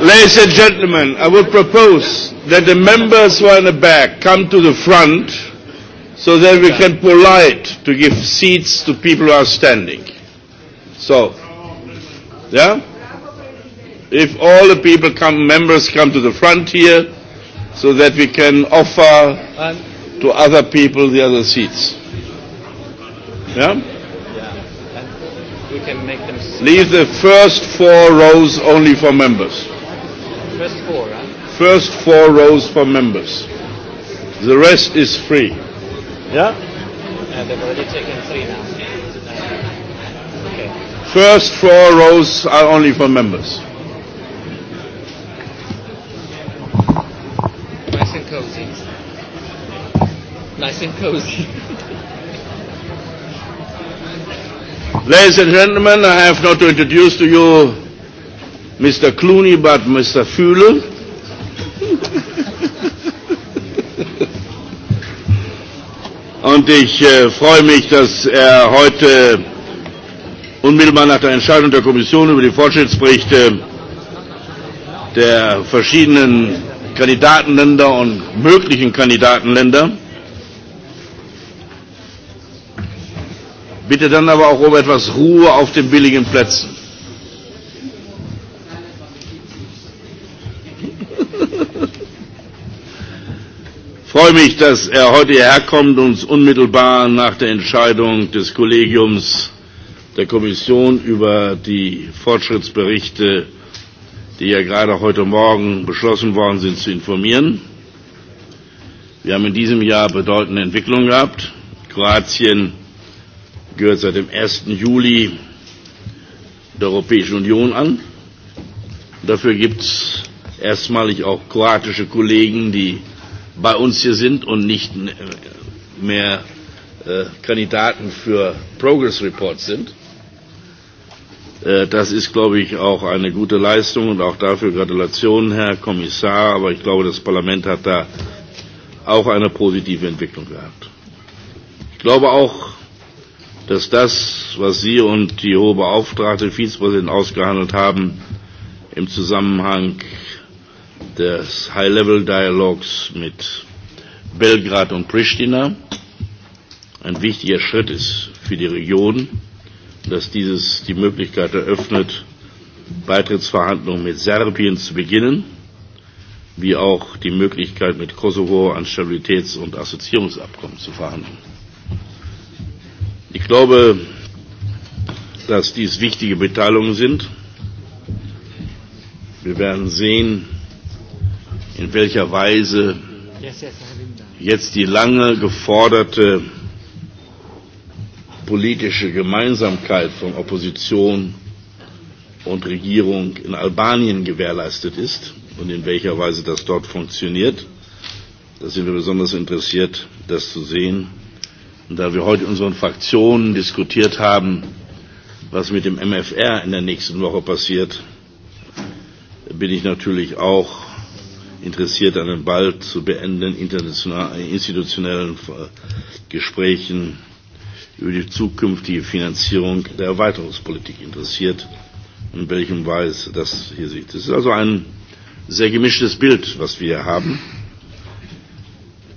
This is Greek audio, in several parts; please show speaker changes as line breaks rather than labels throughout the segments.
Ladies and gentlemen, I would propose that the members who are in the back come to the front so that we can polite to give seats to people who are standing. So, yeah? If all the people come, members come to the front here so that we can offer to other people the other seats. Yeah? Leave the first four rows only for members. First four, First four rows for members. The rest is free. Yeah?
they've already taken three now. Okay.
First four rows are only for members.
Nice and cozy. Nice and cozy.
Ladies and gentlemen, I have not to introduce to you Mr. Clooney but Mr. Fühle. Und ich freue mich, dass er heute unmittelbar nach der Entscheidung der Kommission über die Fortschrittsberichte der verschiedenen Kandidatenländer und möglichen Kandidatenländer bitte dann aber auch um etwas Ruhe auf den billigen Plätzen. freue mich, dass er heute hierher kommt uns unmittelbar nach der Entscheidung des Kollegiums der Kommission über die Fortschrittsberichte, die ja gerade heute Morgen beschlossen worden sind, zu informieren. Wir haben in diesem Jahr bedeutende Entwicklungen gehabt. Kroatien gehört seit dem 1. Juli der Europäischen Union an. Dafür gibt es erstmalig auch kroatische Kollegen, die bei uns hier sind und nicht mehr Kandidaten für Progress Reports sind. Das ist, glaube ich, auch eine gute Leistung und auch dafür Gratulation, Herr Kommissar. Aber ich glaube, das Parlament hat da auch eine positive Entwicklung gehabt. Ich glaube auch, dass das, was Sie und die hohe Beauftragte, Vizepräsidentin ausgehandelt haben, im Zusammenhang des High-Level-Dialogs mit Belgrad und Pristina ein wichtiger Schritt ist für die Region, dass dieses die Möglichkeit eröffnet, Beitrittsverhandlungen mit Serbien zu beginnen, wie auch die Möglichkeit mit Kosovo an Stabilitäts- und Assoziierungsabkommen zu verhandeln. Ich glaube, dass dies wichtige Beteiligungen sind. Wir werden sehen, in welcher Weise jetzt die lange geforderte politische Gemeinsamkeit von Opposition und Regierung in Albanien gewährleistet ist und in welcher Weise das dort funktioniert. Da sind wir besonders interessiert, das zu sehen. Und da wir heute in unseren Fraktionen diskutiert haben, was mit dem MFR in der nächsten Woche passiert, bin ich natürlich auch interessiert an den bald zu beenden internationalen institutionellen Gesprächen über die zukünftige Finanzierung der Erweiterungspolitik interessiert, in welchem Weise das hier sieht. Es ist also ein sehr gemischtes Bild, was wir hier haben.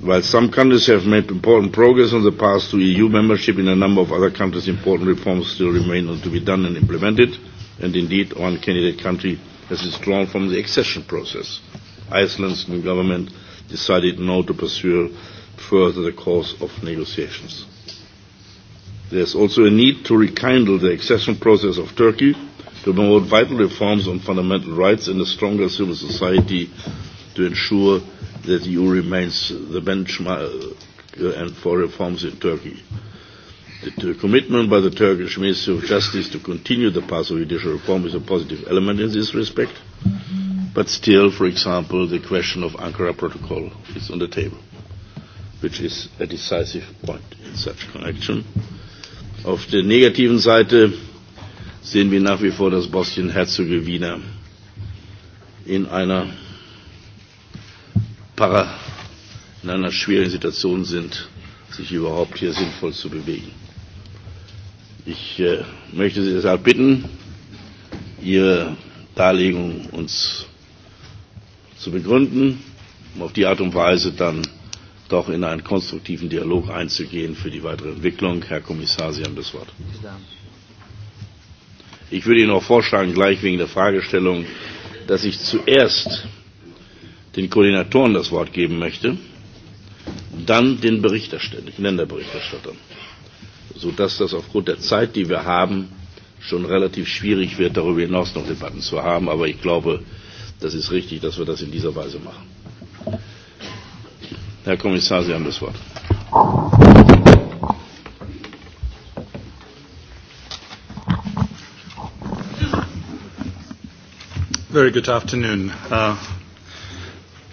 While some countries have made important progress on the path to EU membership, in a number of other countries important reforms still remain to be done and implemented, and indeed one candidate country has withdrawn from the accession process. Iceland's new government decided not to pursue further the course of negotiations. There is also a need to rekindle the accession process of Turkey to promote vital reforms on fundamental rights and a stronger civil society to ensure that the EU remains the benchmark and for reforms in Turkey. The commitment by the Turkish Ministry of Justice to continue the path of judicial reform is a positive element in this respect. But still, for example, the question of Ankara Protocol is on the table, which is a decisive point in such connection. Auf der negativen Seite sehen wir nach wie vor, dass Bosnien-Herzegowina in einer para in einer Situation sind, sich überhaupt hier sinnvoll zu bewegen. Ich möchte Sie deshalb bitten, Ihre Darlegung uns zu begründen, um auf die Art und Weise dann doch in einen konstruktiven Dialog einzugehen für die weitere Entwicklung. Herr Kommissar, Sie haben das Wort. Ich würde Ihnen auch vorschlagen, gleich wegen der Fragestellung, dass ich zuerst den Koordinatoren das Wort geben möchte, dann den Berichterstattern, Länderberichterstattern, sodass das aufgrund der Zeit, die wir haben, schon relativ schwierig wird, darüber hinaus noch Debatten zu haben. Aber ich glaube, Das ist richtig, dass wir das in dieser Weise machen. Herr Kommissar, Sie haben das Wort.
Very good afternoon.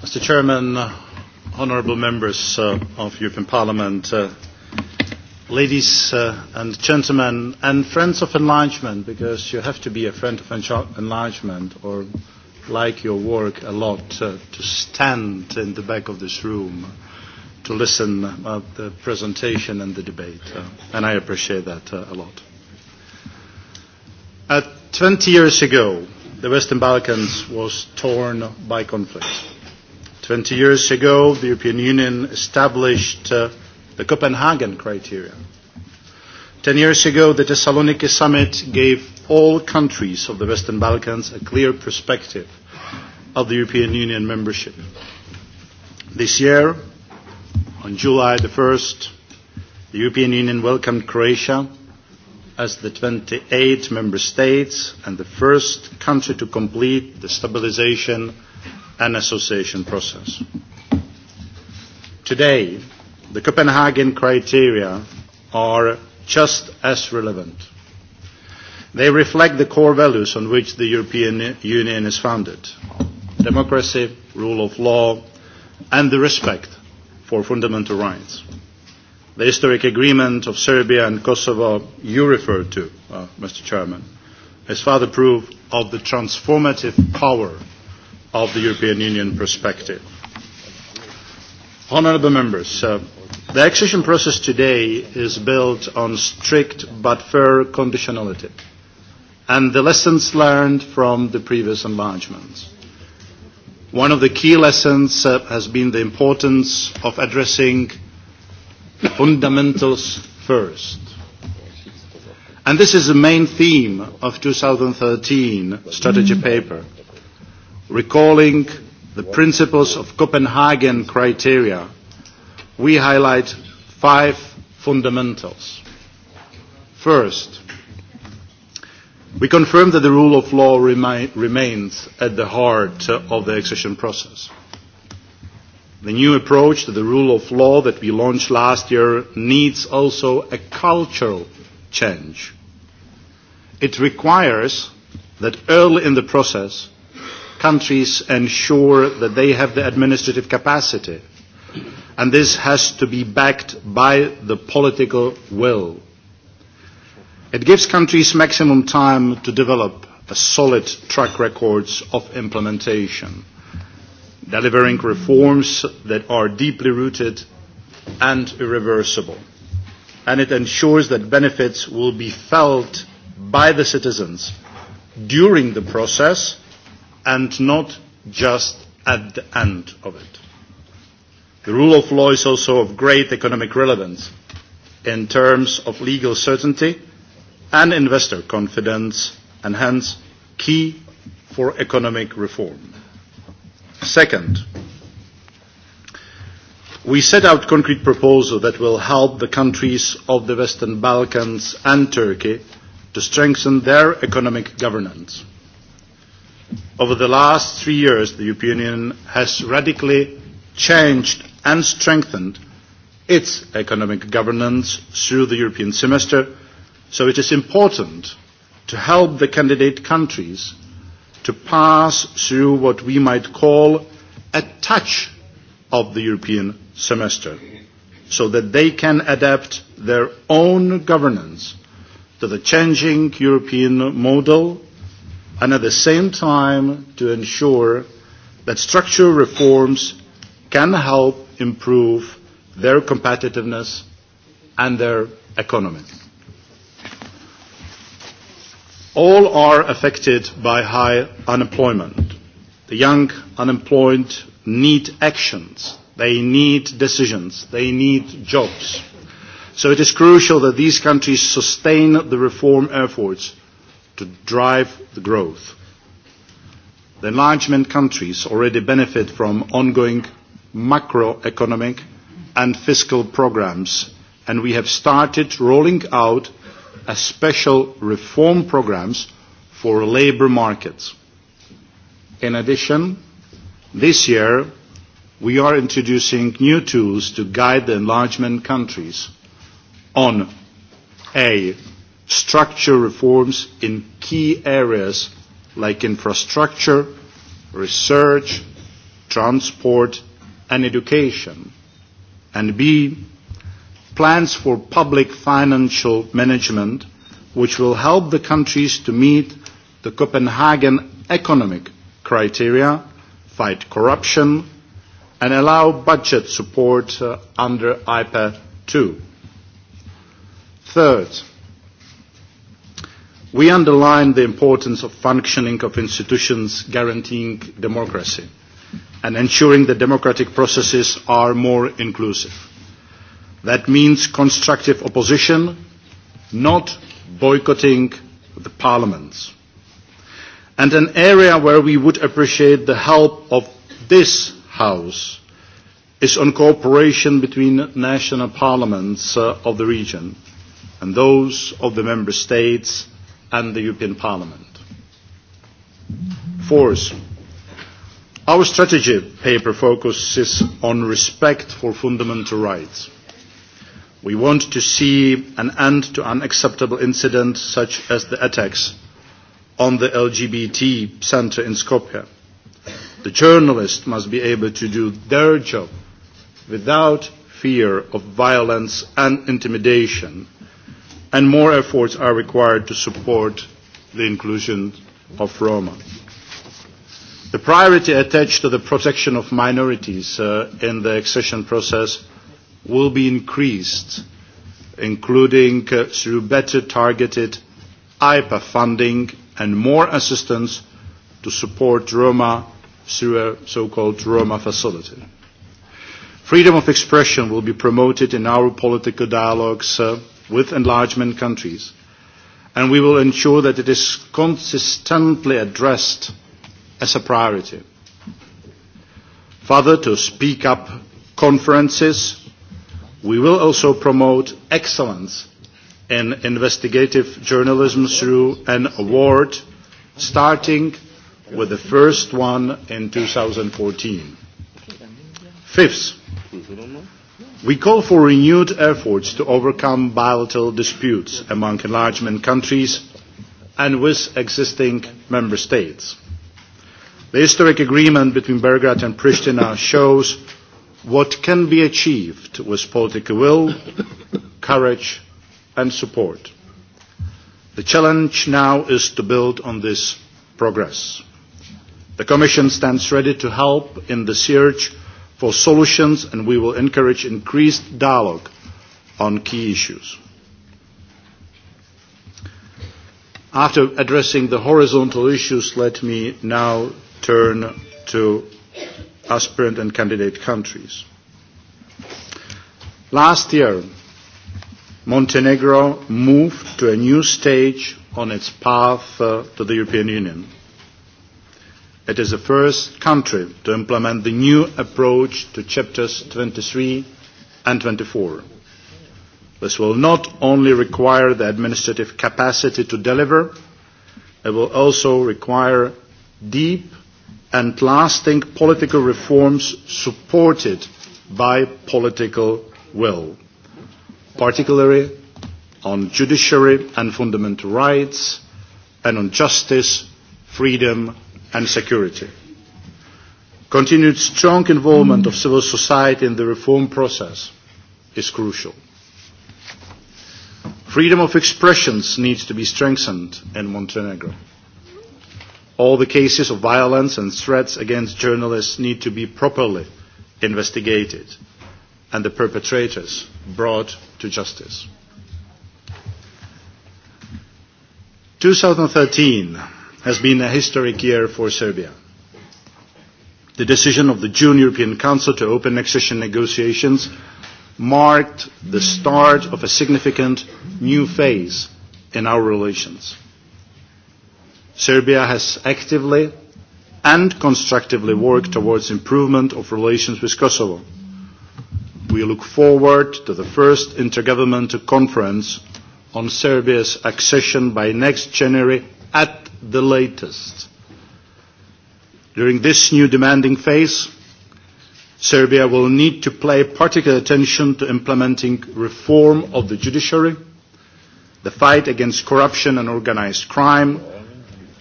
Mr. Chairman, honourable members of European Parliament, ladies and gentlemen, and friends of enlargement, because you have to be a friend of enlargement or like your work a lot to stand in the back of this room to listen to the presentation and the debate. And I appreciate that a lot. 20 years ago, the Western Balkans was torn by conflict. 20 years ago, the European Union established the Copenhagen criteria Ten years ago, the Thessaloniki summit gave all countries of the Western Balkans a clear perspective of the European Union membership. This year, on July the 1st, the European Union welcomed Croatia as the 28 member states and the first country to complete the stabilisation and association process. Today, the Copenhagen criteria are just as relevant. They reflect the core values on which the European Union is founded democracy, rule of law and the respect for fundamental rights. The historic agreement of Serbia and Kosovo you referred to, Mr Chairman, is further proof of the transformative power of the European Union perspective. Honourable Members, The accession process today is built on strict but fair conditionality and the lessons learned from the previous enlargements. One of the key lessons has been the importance of addressing fundamentals first. And this is the main theme of 2013 strategy paper, recalling the principles of Copenhagen criteria we highlight five fundamentals. First, we confirm that the rule of law remains at the heart of the accession process. The new approach to the rule of law that we launched last year needs also a cultural change. It requires that early in the process, countries ensure that they have the administrative capacity and this has to be backed by the political will. It gives countries maximum time to develop a solid track record of implementation, delivering reforms that are deeply rooted and irreversible. And it ensures that benefits will be felt by the citizens during the process and not just at the end of it. The rule of law is also of great economic relevance in terms of legal certainty and investor confidence and hence key for economic reform. Second, we set out concrete proposals that will help the countries of the Western Balkans and Turkey to strengthen their economic governance. Over the last three years, the European Union has radically changed and strengthened its economic governance through the European semester, so it is important to help the candidate countries to pass through what we might call a touch of the European semester, so that they can adapt their own governance to the changing European model and at the same time to ensure that structural reforms can help improve their competitiveness and their economy. All are affected by high unemployment. The young unemployed need actions. They need decisions. They need jobs. So it is crucial that these countries sustain the reform efforts to drive the growth. The enlargement countries already benefit from ongoing macroeconomic and fiscal programs, and we have started rolling out special reform programs for labour markets. In addition, this year we are introducing new tools to guide the enlargement countries on a structural reforms in key areas like infrastructure, research, transport and education, and B, plans for public financial management which will help the countries to meet the Copenhagen economic criteria, fight corruption, and allow budget support under IPA 2. Third, we underline the importance of functioning of institutions guaranteeing democracy and ensuring that democratic processes are more inclusive. That means constructive opposition, not boycotting the parliaments. And an area where we would appreciate the help of this House is on cooperation between national parliaments of the region and those of the Member States and the European Parliament. Fourth, Our strategy paper focuses on respect for fundamental rights. We want to see an end to unacceptable incidents such as the attacks on the LGBT centre in Skopje. The journalists must be able to do their job without fear of violence and intimidation, and more efforts are required to support the inclusion of Roma. The priority attached to the protection of minorities in the accession process will be increased, including through better targeted IPA funding and more assistance to support Roma through a so-called Roma facility. Freedom of expression will be promoted in our political dialogues with enlargement countries, and we will ensure that it is consistently addressed as a priority. Further, to speak up conferences, we will also promote excellence in investigative journalism through an award, starting with the first one in 2014. Fifth, we call for renewed efforts to overcome bilateral disputes among enlargement countries and with existing member states. The historic agreement between Belgrade and Pristina shows what can be achieved with political will, courage and support. The challenge now is to build on this progress. The Commission stands ready to help in the search for solutions and we will encourage increased dialogue on key issues. After addressing the horizontal issues, let me now turn to aspirant and candidate countries. Last year, Montenegro moved to a new stage on its path to the European Union. It is the first country to implement the new approach to chapters 23 and 24. This will not only require the administrative capacity to deliver, it will also require deep and lasting political reforms supported by political will, particularly on judiciary and fundamental rights, and on justice, freedom and security. Continued strong involvement of civil society in the reform process is crucial. Freedom of expressions needs to be strengthened in Montenegro. All the cases of violence and threats against journalists need to be properly investigated and the perpetrators brought to justice. 2013 has been a historic year for Serbia. The decision of the June European Council to open accession negotiations marked the start of a significant new phase in our relations. Serbia has actively and constructively worked towards improvement of relations with Kosovo. We look forward to the first intergovernmental conference on Serbia's accession by next January at the latest. During this new demanding phase, Serbia will need to pay particular attention to implementing reform of the judiciary, the fight against corruption and organised crime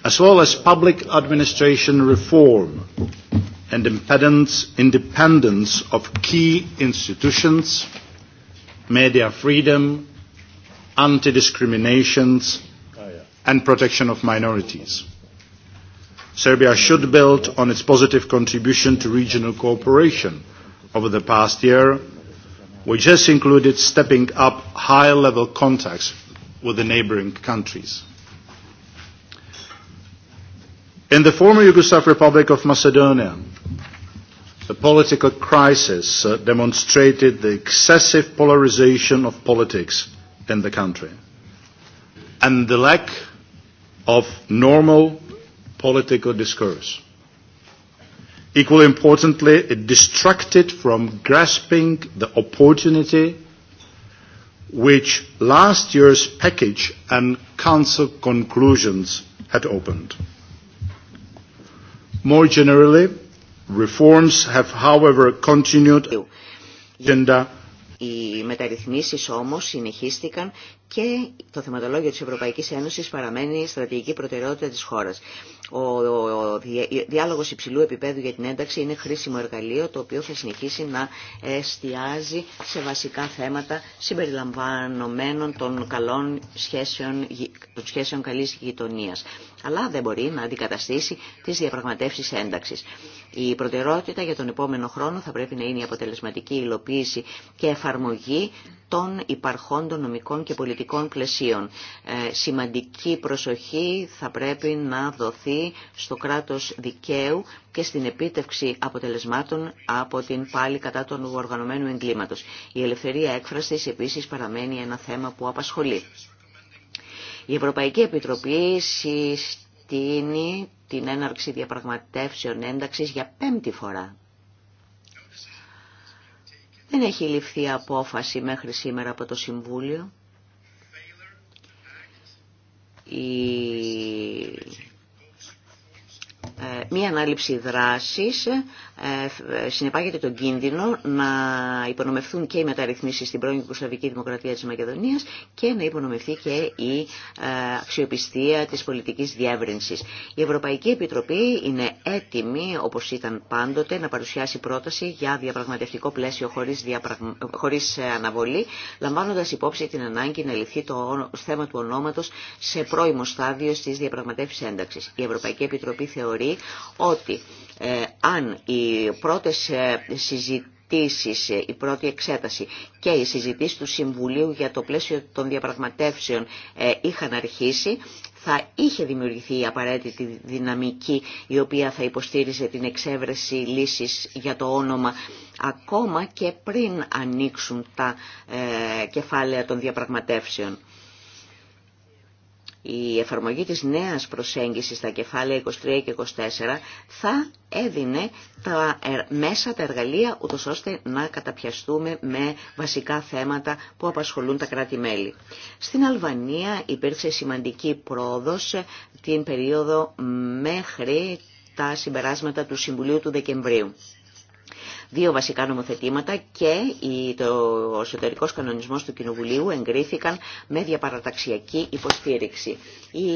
as well as public administration reform and independence of key institutions, media freedom, anti discrimination and protection of minorities. Serbia should build on its positive contribution to regional cooperation over the past year, which has included stepping up high-level contacts with the neighbouring countries. In the former Yugoslav Republic of Macedonia, the political crisis demonstrated the excessive polarization of politics in the country and the lack of normal political discourse. Equally importantly, it distracted from grasping the opportunity which last year's package and Council conclusions had opened. More generally, reforms have however continued
agenda. Οι μεταρρυθμίσεις όμως συνεχίστηκαν και το θεματολόγιο της Ευρωπαϊκής Ένωσης παραμένει στρατηγική προτεραιότητα της χώρας. Ο διάλογος υψηλού επίπεδου για την ένταξη είναι χρήσιμο εργαλείο το οποίο θα συνεχίσει να εστιάζει σε βασικά θέματα συμπεριλαμβανομένων των καλών σχέσεων, των σχέσεων καλής γειτονίας. Αλλά δεν μπορεί να αντικαταστήσει τις διαπραγματεύσεις ένταξης. Η προτεραιότητα για τον επόμενο χρόνο θα πρέπει να είναι η αποτελεσματική υλοποίηση και εφαρμογή των υπαρχών των νομικών και πολιτικών πλαισίων. Ε, σημαντική προσοχή θα πρέπει να δοθεί στο κράτος δικαίου και στην επίτευξη αποτελεσμάτων από την πάλη κατά των οργανωμένου εγκλήματος. Η ελευθερία έκφρασης επίσης παραμένει ένα θέμα που απασχολεί. Η Ευρωπαϊκή Επιτροπή συστήνει την έναρξη διαπραγματεύσεων ένταξης για πέμπτη φορά δεν έχει ληφθεί απόφαση μέχρι σήμερα από το Συμβούλιο. Ε, μία ανάληψη δράσης ε, συνεπάγεται τον κίνδυνο να υπονομευθούν και οι μεταρρυθμίσεις στην πρώην Ιουγκοσλαβική Δημοκρατία της Μακεδονίας και να υπονομευθεί και η ε, αξιοπιστία της πολιτικής διεύρυνσης. Η Ευρωπαϊκή Επιτροπή είναι έτοιμη, όπως ήταν πάντοτε, να παρουσιάσει πρόταση για διαπραγματευτικό πλαίσιο χωρίς, χωρίς ε, αναβολή, λαμβάνοντας υπόψη την ανάγκη να ληφθεί το θέμα του ονόματος σε πρώιμο στάδιο στις διαπραγματεύσεις ένταξη. Η Ευρωπαϊκή Επιτροπή θεωρεί ότι αν η οι πρώτες ε, συζητήσεις, ε, η πρώτη εξέταση και οι συζητήσεις του Συμβουλίου για το πλαίσιο των διαπραγματεύσεων ε, είχαν αρχίσει, θα είχε δημιουργηθεί η απαραίτητη δυναμική η οποία θα υποστήριζε την εξέβρεση λύσης για το όνομα ακόμα και πριν ανοίξουν τα κεφάλαια των διαπραγματεύσεων η εφαρμογή της νέας προσέγγισης στα κεφάλαια 23 και 24 θα έδινε τα ε, μέσα, τα εργαλεία, ούτως ώστε να καταπιαστούμε με βασικά θέματα που απασχολούν τα κράτη-μέλη. Στην Αλβανία υπήρξε σημαντική πρόοδος ε, την περίοδο μέχρι τα συμπεράσματα του Συμβουλίου του Δεκεμβρίου δύο βασικά νομοθετήματα και ο εσωτερικό κανονισμός του Κοινοβουλίου εγκρίθηκαν με διαπαραταξιακή υποστήριξη. Οι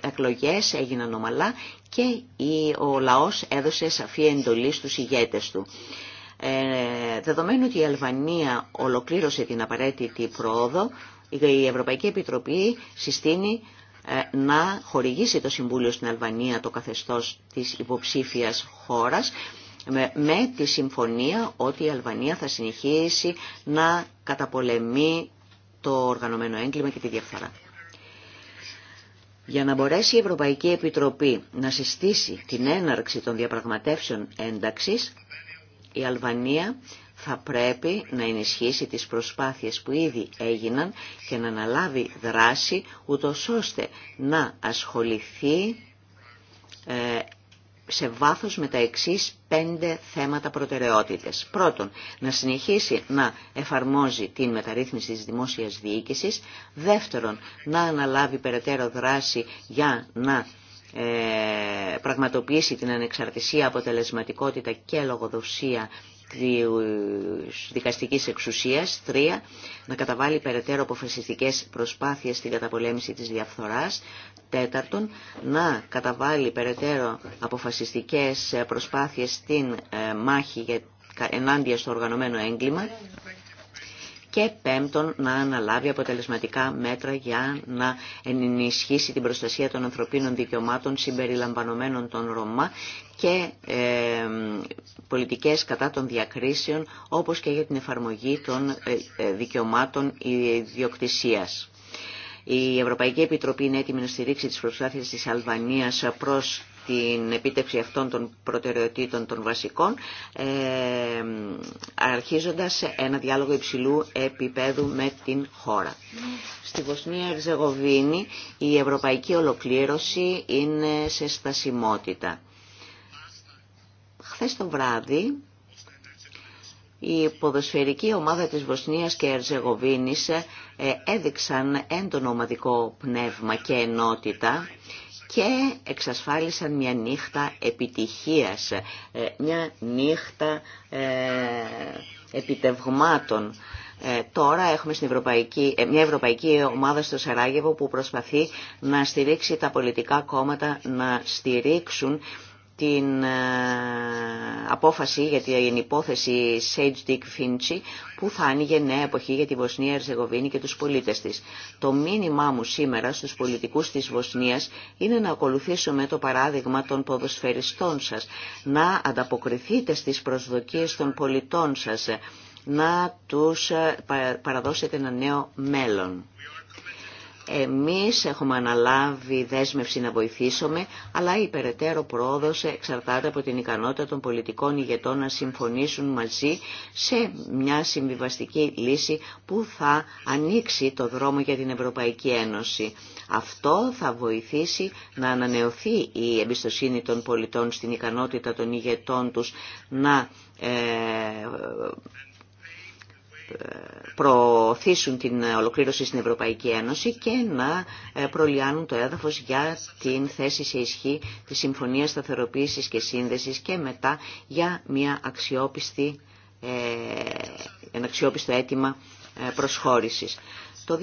εκλογέ έγιναν ομαλά και ο λαός έδωσε σαφή εντολή στου ηγέτε του. Ε, δεδομένου ότι η Αλβανία ολοκλήρωσε την απαραίτητη πρόοδο, η Ευρωπαϊκή Επιτροπή συστήνει ε, να χορηγήσει το Συμβούλιο στην Αλβανία το καθεστώς της υποψήφιας χώρας με τη συμφωνία ότι η Αλβανία θα συνεχίσει να καταπολεμεί το οργανωμένο έγκλημα και τη διαφθαρά. Για να μπορέσει η Ευρωπαϊκή Επιτροπή να συστήσει την έναρξη των διαπραγματεύσεων ένταξης, η Αλβανία θα πρέπει να ενισχύσει τις προσπάθειες που ήδη έγιναν και να αναλάβει δράση, ούτω ώστε να ασχοληθεί ε, σε βάθος με τα εξής πέντε θέματα προτεραιότητες. Πρώτον, να συνεχίσει να εφαρμόζει την μεταρρύθμιση της δημόσιας διοίκησης. Δεύτερον, να αναλάβει περαιτέρω δράση για να ε, πραγματοποιήσει την ανεξαρτησία, αποτελεσματικότητα και λογοδοσία ε, δικαστικής εξουσίας. τρία Να καταβάλει περαιτέρω αποφασιστικές προσπάθειες στην καταπολέμηση της διαφθοράς. τέταρτον Να καταβάλει περαιτέρω αποφασιστικές ε, προσπάθειες στην ε, μάχη για ενάντια στο οργανωμένο έγκλημα και πέμπτον να αναλάβει αποτελεσματικά μέτρα για να ενισχύσει την προστασία των ανθρωπίνων δικαιωμάτων συμπεριλαμβανομένων των Ρωμά και ε, πολιτικές κατά των διακρίσεων όπως και για την εφαρμογή των ε, ε, δικαιωμάτων ιδιοκτησίας. Η Ευρωπαϊκή Επιτροπή είναι έτοιμη να στηρίξει τις προσπάθειες της Αλβανίας προς την επίτευξη αυτών των προτεραιοτήτων των βασικών, ε, αρχίζοντας ένα διάλογο υψηλού επίπεδου με την χώρα. Στη Βοσνία Ερζεγοβίνη η ευρωπαϊκή ολοκλήρωση είναι σε στασιμότητα. Χθες το βράδυ η ποδοσφαιρική ομάδα της Βοσνίας και Ερζεγοβίνης ε, έδειξαν έντονο ομαδικό πνεύμα και ενότητα και εξασφάλισαν μια νύχτα επιτυχίας, ε, μια νύχτα ε, επιτευγμάτων. Τώρα έχουμε στην Ευρωπαϊκή, μια Ευρωπαϊκή ομάδα στο Σαράγεβο που προσπαθεί να στηρίξει τα πολιτικά κόμματα, να στηρίξουν την ε, απόφαση για την υπόθεση Sage Dick που θα άνοιγε νέα εποχή για τη Βοσνία Ερζεγοβίνη και τους πολίτες της. Το μήνυμά μου σήμερα στους πολιτικούς της Βοσνίας είναι να ακολουθήσουμε το παράδειγμα των ποδοσφαιριστών σας, να ανταποκριθείτε στις προσδοκίες των πολιτών σας, να τους ε, παραδώσετε ένα νέο μέλλον. Εμείς έχουμε αναλάβει δέσμευση να βοηθήσουμε, αλλά η περαιτέρω πρόοδος εξαρτάται από την ικανότητα των πολιτικών ηγετών να συμφωνήσουν μαζί σε μια συμβιβαστική λύση που θα ανοίξει το δρόμο για την Ευρωπαϊκή Ένωση. Αυτό θα βοηθήσει να ανανεωθεί η εμπιστοσύνη των πολιτών στην ικανότητα των ηγετών τους να ε, προωθήσουν την ολοκλήρωση στην Ευρωπαϊκή Ένωση και να ε, προλιάνουν το έδαφος για την θέση σε ισχύ της Συμφωνίας Σταθεροποίησης και Σύνδεσης και μετά για μια αξιόπιστη, ε, ένα αξιόπιστο αίτημα ε, προσχώρησης. Το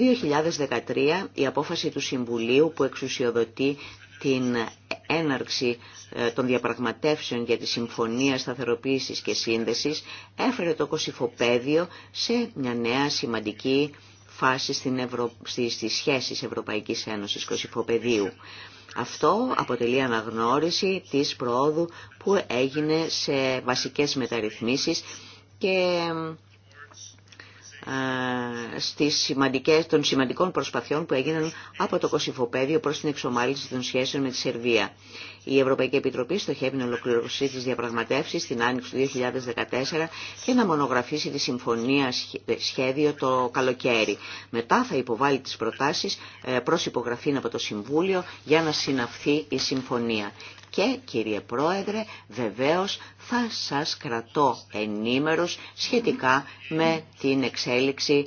2013 η απόφαση του Συμβουλίου που εξουσιοδοτεί την έναρξη ε, των διαπραγματεύσεων για τη Συμφωνία Σταθεροποίησης και Σύνδεσης έφερε το κοσυφοπαίδιο σε μια νέα σημαντική φάση στην Ευρω... στις σχέσεις Ευρωπαϊκής Ένωσης Κοσυφοπεδίου. Αυτό αποτελεί αναγνώριση της προόδου που έγινε σε βασικές μεταρρυθμίσεις και στις σημαντικές, των σημαντικών προσπαθειών που έγιναν από το Κωσυφοπέδιο προς την εξομάλυνση των σχέσεων με τη Σερβία. Η Ευρωπαϊκή Επιτροπή στοχεύει να ολοκληρωθεί τις διαπραγματεύσεις την Άνοιξη του 2014 και να μονογραφήσει τη συμφωνία σχέδιο το καλοκαίρι. Μετά θα υποβάλει τις προτάσεις ε, προς υπογραφή από το Συμβούλιο για να συναυθεί η συμφωνία και κύριε Πρόεδρε βεβαίως θα σας κρατώ ενήμερος σχετικά με την εξέλιξη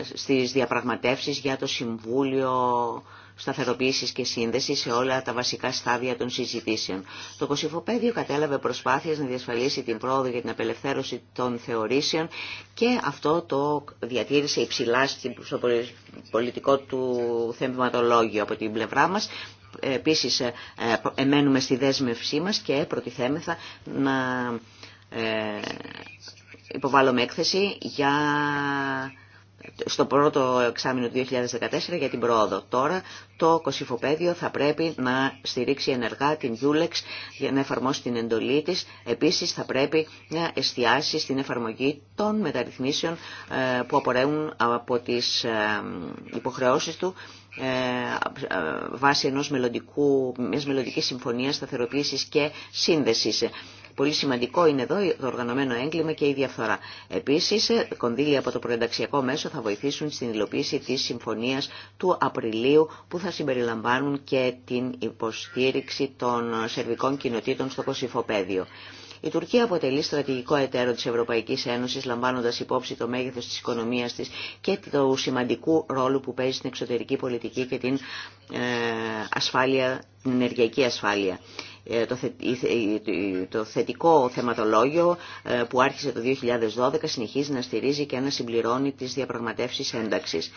ε, στις διαπραγματεύσεις για το Συμβούλιο σταθεροποίηση και σύνδεση σε όλα τα βασικά στάδια των συζητήσεων. Το Κωσυφοπαίδιο κατέλαβε προσπάθειε να διασφαλίσει την πρόοδο για την απελευθέρωση των θεωρήσεων και αυτό το διατήρησε υψηλά στο πολιτικό του θεματολόγιο από την πλευρά μα. Επίσης ε, εμένουμε στη δέσμευσή μας και προτιθέμεθα να ε, υποβάλλουμε έκθεση για στο πρώτο εξάμεινο του 2014 για την πρόοδο. Τώρα το Κωσυφοπαίδιο θα πρέπει να στηρίξει ενεργά την Γιούλεξ για να εφαρμόσει την εντολή της. Επίσης θα πρέπει να εστιάσει στην εφαρμογή των μεταρρυθμίσεων ε, που απορρέουν από τις υποχρεώσεις του ε, βάσει ενός μελλοντικού, μιας μελλοντικής συμφωνίας σταθεροποίησης και σύνδεσης. Πολύ σημαντικό είναι εδώ το οργανωμένο έγκλημα και η διαφθορά. Επίσης, κονδύλια από το προενταξιακό μέσο θα βοηθήσουν στην υλοποίηση της συμφωνίας του Απριλίου που θα συμπεριλαμβάνουν και την υποστήριξη των σερβικών κοινοτήτων στο Κωσυφοπαίδιο. Η Τουρκία αποτελεί στρατηγικό εταίρο της Ευρωπαϊκής Ένωσης, λαμβάνοντας υπόψη το μέγεθος της οικονομίας της και το σημαντικού ρόλου που παίζει στην εξωτερική πολιτική και την ε, ασφάλεια, την ενεργειακή ασφάλεια. Ε, το θετικό θεματολόγιο ε, που άρχισε το 2012 συνεχίζει να στηρίζει και να συμπληρώνει τις διαπραγματεύσεις ένταξης.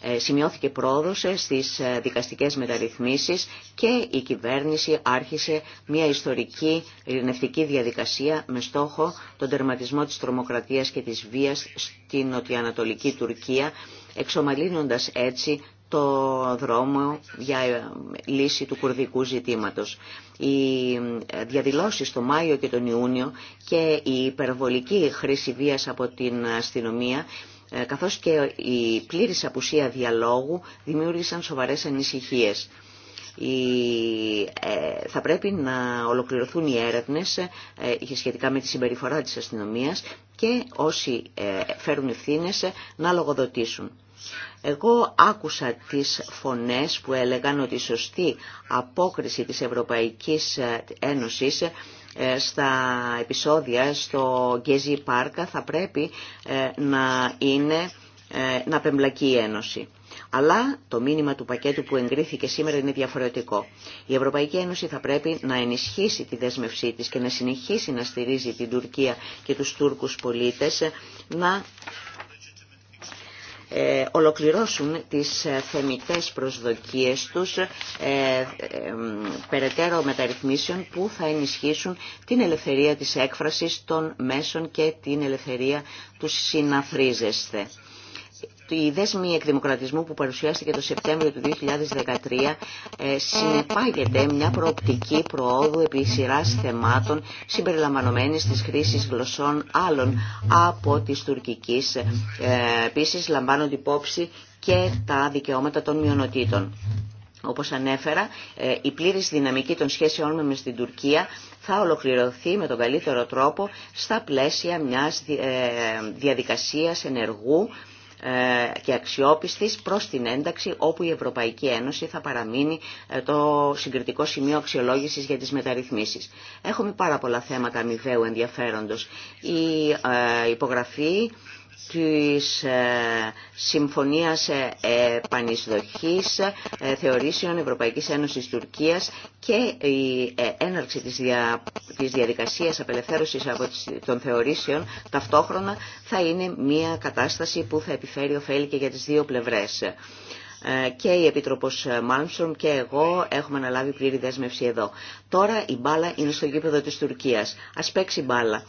Ε, σημειώθηκε πρόοδος ε, στις ε, δικαστικές μεταρρυθμίσεις και η κυβέρνηση άρχισε μια ιστορική ειρηνευτική διαδικασία με στόχο τον τερματισμό της τρομοκρατίας και της βίας στην νοτιοανατολική Τουρκία, εξομαλύνοντας έτσι το δρόμο για λύση του κουρδικού ζητήματος. Οι διαδηλώσεις το Μάιο και τον Ιούνιο και η υπερβολική χρήση βίας από την αστυνομία ε, καθώς και η πλήρης απουσία διαλόγου δημιούργησαν σοβαρές ανησυχίες. Ε, θα πρέπει να ολοκληρωθούν οι έρευνες ε, σχετικά με τη συμπεριφορά της αστυνομίας και όσοι φέρουν ευθύνες να λογοδοτήσουν. Εγώ άκουσα τις φωνές που έλεγαν ότι η σωστή απόκριση της Ευρωπαϊκής Ένωσης ε, στα επεισόδια στο Γκέζι Πάρκα θα πρέπει ε, να είναι ε, να απεμπλακεί η Ένωση. Αλλά το μήνυμα του πακέτου που εγκρίθηκε σήμερα είναι διαφορετικό. Η Ευρωπαϊκή Ένωση θα πρέπει να ενισχύσει τη δέσμευσή της και να συνεχίσει να στηρίζει την Τουρκία και τους Τούρκους πολίτες να ε, ολοκληρώσουν τις ε, θεμητές προσδοκίες τους ε, περαιτέρω μεταρρυθμίσεων που θα ενισχύσουν την ελευθερία της έκφρασης των μέσων και την ελευθερία του συναθρίζεσθε η δέσμη εκδημοκρατισμού που παρουσιάστηκε το Σεπτέμβριο του 2013 ε, συνεπάγεται μια προοπτική προόδου επί σειράς θεμάτων συμπεριλαμβανομένης της χρήσης γλωσσών άλλων από της τουρκικής. Ε, επίσης λαμβάνονται υπόψη και τα δικαιώματα των μειονοτήτων. Όπως ανέφερα, ε, η πλήρης δυναμική των σχέσεών με στην Τουρκία θα ολοκληρωθεί με τον καλύτερο τρόπο στα πλαίσια μιας διαδικασίας ενεργού ε, και αξιόπιστης προς την ένταξη όπου η Ευρωπαϊκή Ένωση θα παραμείνει ε, το συγκριτικό σημείο αξιολόγησης για τις μεταρρυθμίσεις. Έχουμε πάρα πολλά θέματα αμοιβαίου ενδιαφέροντος. Η ε, υπογραφή της ε, Συμφωνίας ε, Επανεισδοχής ε, Θεωρήσεων Ευρωπαϊκής Ένωσης Τουρκίας και η έναρξη της, δια, της διαδικασίας απελευθέρωσης από των θεωρήσεων ταυτόχρονα θα είναι μια κατάσταση που θα επιφέρει ωφέλη και για τις δύο πλευρές και η Επίτροπος Μάλμστρομ και εγώ έχουμε αναλάβει πλήρη δέσμευση εδώ. Τώρα η μπάλα είναι στο γήπεδο της Τουρκίας. Ας παίξει μπάλα.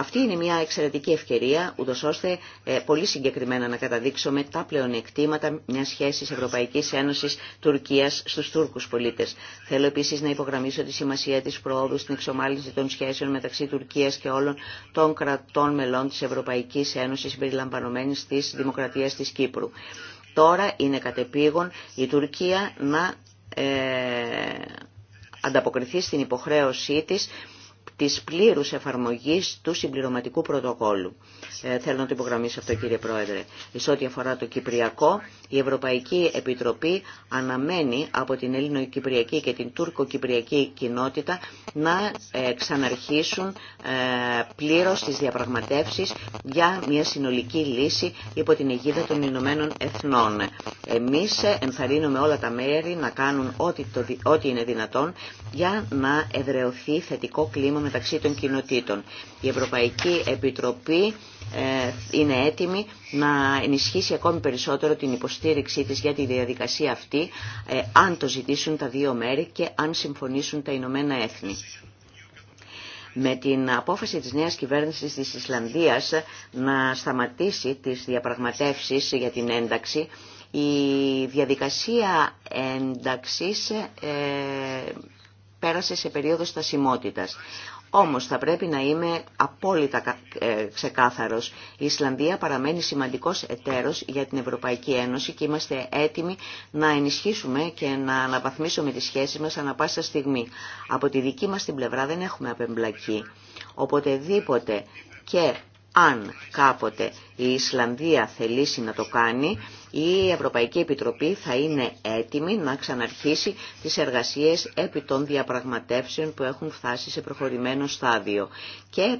Αυτή είναι μια εξαιρετική ευκαιρία, ούτω ώστε ε, πολύ συγκεκριμένα να καταδείξουμε τα πλεονεκτήματα μια σχέση Ευρωπαϊκή Ένωση Τουρκία στου Τούρκου πολίτε. Θέλω επίση να υπογραμμίσω τη σημασία τη προόδου στην εξομάλυνση των σχέσεων μεταξύ Τουρκία και όλων των κρατών μελών τη Ευρωπαϊκή Ένωση συμπεριλαμβανομένη τη Δημοκρατία τη Κύπρου. Τώρα είναι κατεπήγον η Τουρκία να ε, ανταποκριθεί στην υποχρέωσή της της πλήρους εφαρμογής του συμπληρωματικού πρωτοκόλλου. Ε, θέλω να το υπογραμμίσω αυτό κύριε Πρόεδρε. Σε ό,τι αφορά το Κυπριακό, η Ευρωπαϊκή Επιτροπή αναμένει από την Ελληνοκυπριακή και την τουρκο κοινότητα να ε, ξαναρχίσουν ε, πλήρως τις διαπραγματεύσεις για μια συνολική λύση υπό την αιγίδα των Ηνωμένων Εθνών. Εμείς ε, ενθαρρύνουμε όλα τα μέρη να κάνουν ό,τι, είναι δυνατόν για να εδρεωθεί θετικό κλίμα μεταξύ των κοινοτήτων. Η Ευρωπαϊκή Επιτροπή ε, είναι έτοιμη να ενισχύσει ακόμη περισσότερο την υποστήριξή της για τη διαδικασία αυτή, ε, αν το ζητήσουν τα δύο μέρη και αν συμφωνήσουν τα Ηνωμένα Έθνη. Με την απόφαση της νέας κυβέρνησης της Ισλανδίας να σταματήσει τις διαπραγματεύσεις για την ένταξη, η διαδικασία ένταξης ε, πέρασε σε περίοδο στασιμότητας. Όμως θα πρέπει να είμαι απόλυτα ε, ξεκάθαρος. Η Ισλανδία παραμένει σημαντικός εταίρος για την Ευρωπαϊκή Ένωση και είμαστε έτοιμοι να ενισχύσουμε και να αναβαθμίσουμε τις σχέσεις μας ανα πάσα στιγμή. Από τη δική μας την πλευρά δεν έχουμε απεμπλακεί. Οποτεδήποτε και αν κάποτε η Ισλανδία θελήσει να το κάνει, η Ευρωπαϊκή Επιτροπή θα είναι έτοιμη να ξαναρχίσει τις εργασίες επί των διαπραγματεύσεων που έχουν φτάσει σε προχωρημένο στάδιο. Και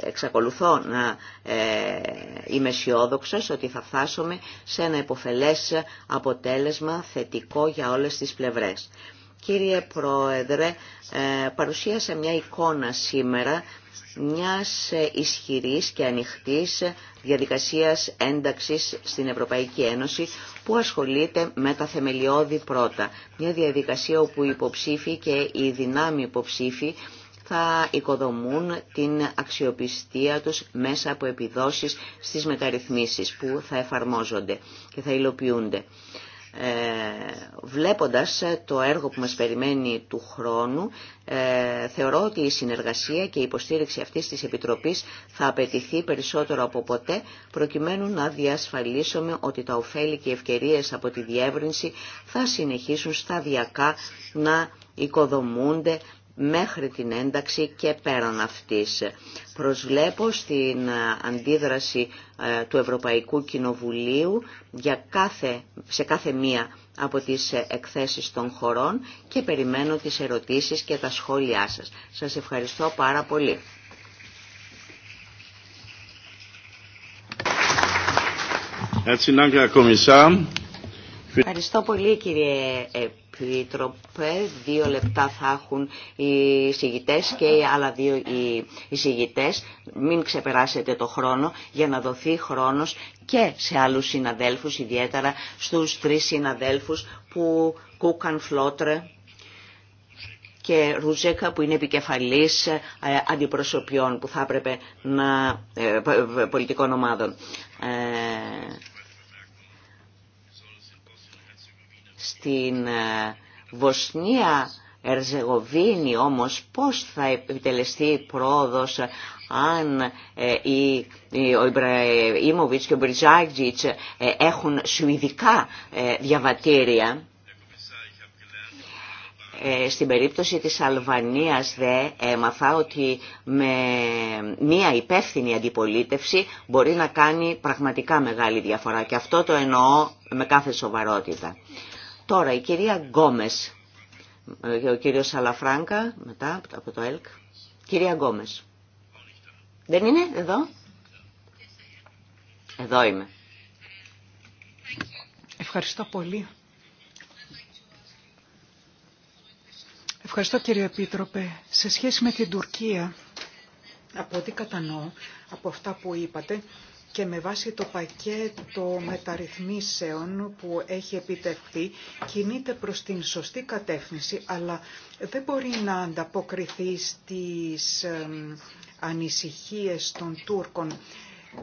εξακολουθώ να ε, είμαι αισιόδοξο ότι θα φτάσουμε σε ένα υποφελές αποτέλεσμα θετικό για όλες τις πλευρές. Κύριε Πρόεδρε, ε, παρουσίασα μια εικόνα σήμερα μιας ε, ισχυρής και ανοιχτής διαδικασίας ένταξης στην Ευρωπαϊκή Ένωση που ασχολείται με τα θεμελιώδη πρώτα. Μια διαδικασία όπου οι υποψήφοι και οι δυνάμοι υποψήφοι θα οικοδομούν την αξιοπιστία τους μέσα από επιδόσεις στις μεταρρυθμίσεις που θα εφαρμόζονται και θα υλοποιούνται. Ε, βλέποντας ε, το έργο που μας περιμένει του χρόνου, ε, θεωρώ ότι η συνεργασία και η υποστήριξη αυτής της Επιτροπής θα απαιτηθεί περισσότερο από ποτέ, προκειμένου να διασφαλίσουμε ότι τα ωφέλη και οι ευκαιρίες από τη διεύρυνση θα συνεχίσουν σταδιακά να οικοδομούνται μέχρι την ένταξη και πέραν αυτής. Προσβλέπω στην ε, αντίδραση ε, του Ευρωπαϊκού Κοινοβουλίου για κάθε, σε κάθε μία από τις ε, εκθέσεις των χωρών και περιμένω τις ερωτήσεις και τα σχόλιά σας. Σας ευχαριστώ πάρα πολύ. Ευχαριστώ πολύ κύριε Επίτροπε. Δύο λεπτά θα έχουν οι συγητέ και οι άλλα δύο οι συγητές. Μην ξεπεράσετε το χρόνο για να δοθεί χρόνος και σε άλλους συναδέλφους, ιδιαίτερα στους τρεις συναδέλφους που κούκαν φλότρε και Ρουζέκα που είναι επικεφαλής ε, αντιπροσωπιών που θα έπρεπε να, ε, πολιτικών ομάδων. Ε, Στην ε, Βοσνία Ερζεγοβίνη όμως πώς θα επιτελεστεί η πρόοδος ε, αν οι, ε, ο και ο ε, έχουν σουηδικά διαβατήρια. Στην περίπτωση της Αλβανίας δε έμαθα ότι με μία υπεύθυνη αντιπολίτευση μπορεί να κάνει πραγματικά μεγάλη διαφορά και αυτό το εννοώ με κάθε σοβαρότητα. Τώρα η κυρία Γκόμες, ο κύριος Αλαφράγκα, μετά από το ΕΛΚ. Κυρία Γκόμες. Δεν είναι εδώ. Εδώ είμαι.
Ευχαριστώ πολύ. Ευχαριστώ κύριε Επίτροπε. Σε σχέση με την Τουρκία, από ό,τι κατανοώ, από αυτά που είπατε, και με βάση το πακέτο μεταρρυθμίσεων που έχει επιτευχθεί κινείται προς την σωστή κατεύθυνση αλλά δεν μπορεί να ανταποκριθεί στις ανησυχίες των Τούρκων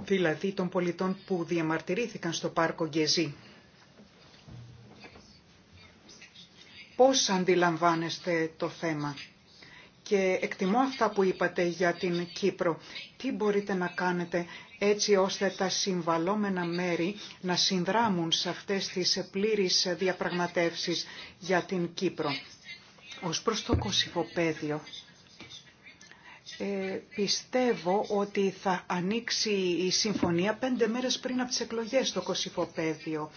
δηλαδή των πολιτών που διαμαρτυρήθηκαν στο πάρκο Γκεζή. Πώς αντιλαμβάνεστε το θέμα και εκτιμώ αυτά που είπατε για την Κύπρο. Τι μπορείτε να κάνετε έτσι ώστε τα συμβαλόμενα μέρη να συνδράμουν σε αυτές τις πλήρεις διαπραγματεύσεις για την Κύπρο. Ως προς το Κωσυφοπαίδιο, ε, πιστεύω ότι θα ανοίξει η συμφωνία πέντε μέρες πριν από τις εκλογές στο Κωσυφοπαίδιο.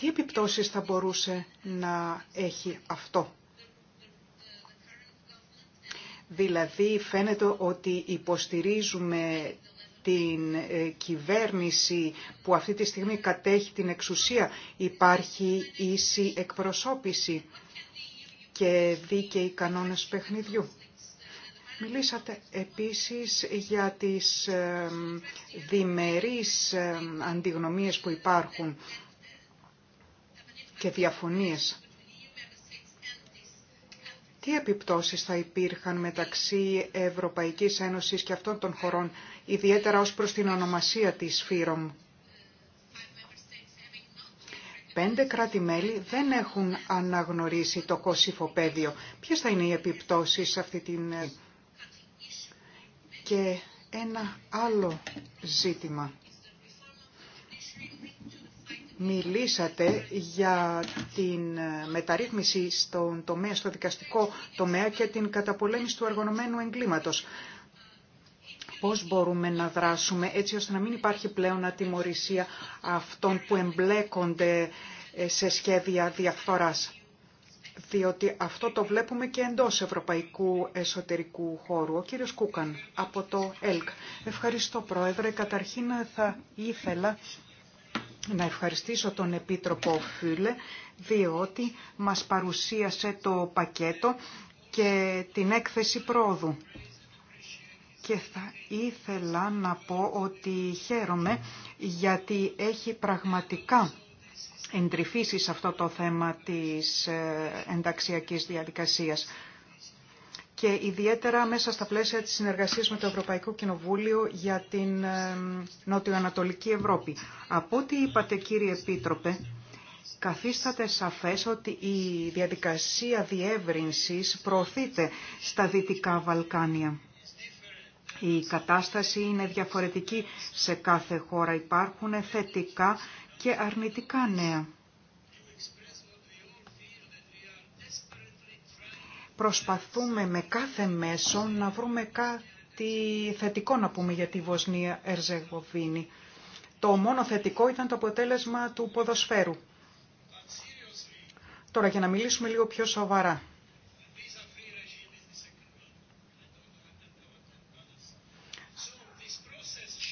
Τι επιπτώσεις θα μπορούσε να έχει αυτό Δηλαδή φαίνεται ότι υποστηρίζουμε την ε, κυβέρνηση που αυτή τη στιγμή κατέχει την εξουσία. Υπάρχει ίση εκπροσώπηση και δίκαιοι κανόνες παιχνιδιού. Μιλήσατε επίσης για τις ε, διμερείς ε, αντιγνωμίες που υπάρχουν και διαφωνίες τι επιπτώσεις θα υπήρχαν μεταξύ Ευρωπαϊκής Ένωσης και αυτών των χωρών, ιδιαίτερα ως προς την ονομασία της ΦΥΡΟΜ. Πέντε κράτη-μέλη δεν έχουν αναγνωρίσει το Πέδιο. Ποιες θα είναι οι επιπτώσεις σε αυτή την... Ε, και ένα άλλο ζήτημα μιλήσατε για την μεταρρύθμιση στον τομέα, στο δικαστικό τομέα και την καταπολέμηση του εργονομένου εγκλήματος. Πώς μπορούμε να δράσουμε έτσι ώστε να μην υπάρχει πλέον ατιμορρησία αυτών που εμπλέκονται ε, σε σχέδια διαφθοράς. Διότι αυτό το βλέπουμε και εντός ευρωπαϊκού εσωτερικού χώρου. Ο κύριος Κούκαν από το ΕΛΚ. Ευχαριστώ Πρόεδρε. Καταρχήν θα ήθελα να ευχαριστήσω τον Επίτροπο Φίλε, διότι μας παρουσίασε το πακέτο και την έκθεση πρόοδου. Και θα ήθελα να πω ότι χαίρομαι γιατί έχει πραγματικά εντρυφήσει σε αυτό το θέμα της ε, ενταξιακής διαδικασίας και ιδιαίτερα μέσα στα πλαίσια της συνεργασίας με το Ευρωπαϊκό Κοινοβούλιο για την Νότιο-Ανατολική Ευρώπη. Από ό,τι είπατε κύριε Επίτροπε, καθίσταται σαφές ότι η διαδικασία διεύρυνσης προωθείται στα Δυτικά Βαλκάνια. Η κατάσταση είναι διαφορετική σε κάθε χώρα. Υπάρχουν θετικά και αρνητικά νέα. προσπαθούμε με κάθε μέσο να βρούμε κάτι θετικό να πούμε για τη Βοσνία Ερζεγοβίνη. Το μόνο θετικό ήταν το αποτέλεσμα του ποδοσφαίρου. Τώρα για να μιλήσουμε λίγο πιο σοβαρά.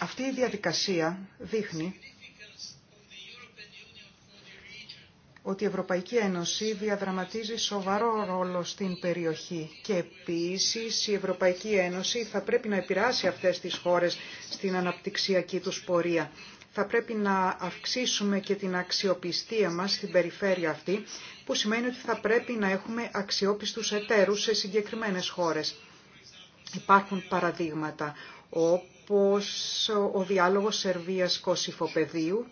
Αυτή η διαδικασία δείχνει ότι η Ευρωπαϊκή Ένωση διαδραματίζει σοβαρό ρόλο στην περιοχή και επίσης η Ευρωπαϊκή Ένωση θα πρέπει να επηρεάσει αυτές τις χώρες στην αναπτυξιακή τους πορεία. Θα πρέπει να αυξήσουμε και την αξιοπιστία μας στην περιφέρεια αυτή, που σημαίνει ότι θα πρέπει να έχουμε αξιόπιστους εταίρους σε συγκεκριμένες χώρες. Υπάρχουν παραδείγματα όπως ο διάλογος Σερβίας-Κωσυφοπεδίου,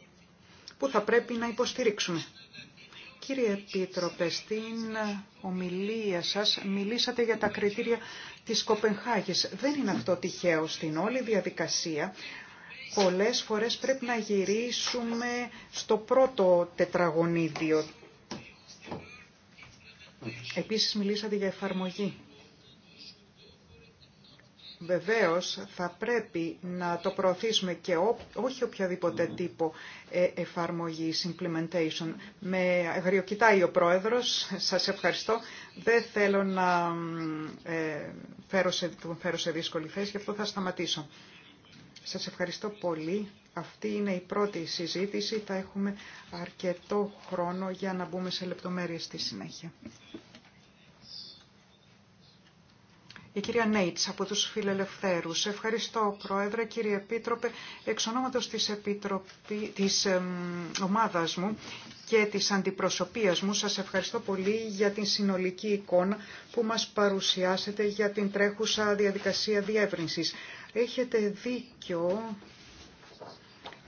που θα πρέπει να υποστηρίξουμε. Κύριε Επίτροπε, στην ομιλία σας μιλήσατε για τα κριτήρια της Κοπενχάγης. Δεν είναι αυτό τυχαίο στην όλη διαδικασία. Πολλές φορές πρέπει να γυρίσουμε στο πρώτο τετραγωνίδιο. Επίσης μιλήσατε για εφαρμογή. Βεβαίως θα πρέπει να το προωθήσουμε και όχι οποιαδήποτε τύπο ε, εφαρμογή implementation. Με αγριοκοιτάει ο πρόεδρος, σας ευχαριστώ. Δεν θέλω να ε, φέρω, σε, φέρω σε δύσκολη θέση, γι' αυτό θα σταματήσω. Σας ευχαριστώ πολύ. Αυτή είναι η πρώτη συζήτηση. Θα έχουμε αρκετό χρόνο για να μπούμε σε λεπτομέρειες στη συνέχεια. Η κυρία Νέιτς από τους Φιλελευθέρους. Ευχαριστώ Πρόεδρε, κύριε Επίτροπε. Εξ ονόματος της, Επιτροπή, της ομάδας μου και της αντιπροσωπείας μου σας ευχαριστώ πολύ για την συνολική εικόνα που μας παρουσιάσετε για την τρέχουσα διαδικασία διεύρυνσης. Έχετε δίκιο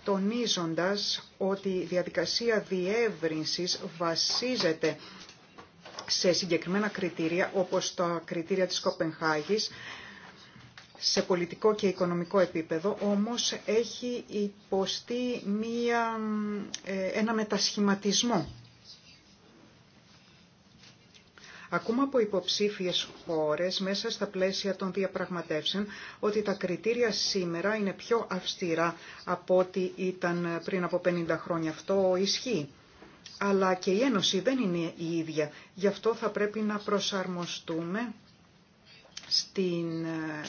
τονίζοντας ότι η διαδικασία διεύρυνσης βασίζεται σε συγκεκριμένα κριτήρια όπως τα κριτήρια της Κοπενχάγης σε πολιτικό και οικονομικό επίπεδο, όμως έχει υποστεί μία, ε, ένα μετασχηματισμό. Ακούμε από υποψήφιες χώρες μέσα στα πλαίσια των διαπραγματεύσεων ότι τα κριτήρια σήμερα είναι πιο αυστηρά από ό,τι ήταν πριν από 50 χρόνια. Αυτό ισχύει αλλά και η Ένωση δεν είναι η ίδια. Γι' αυτό θα πρέπει να προσαρμοστούμε στην, ε,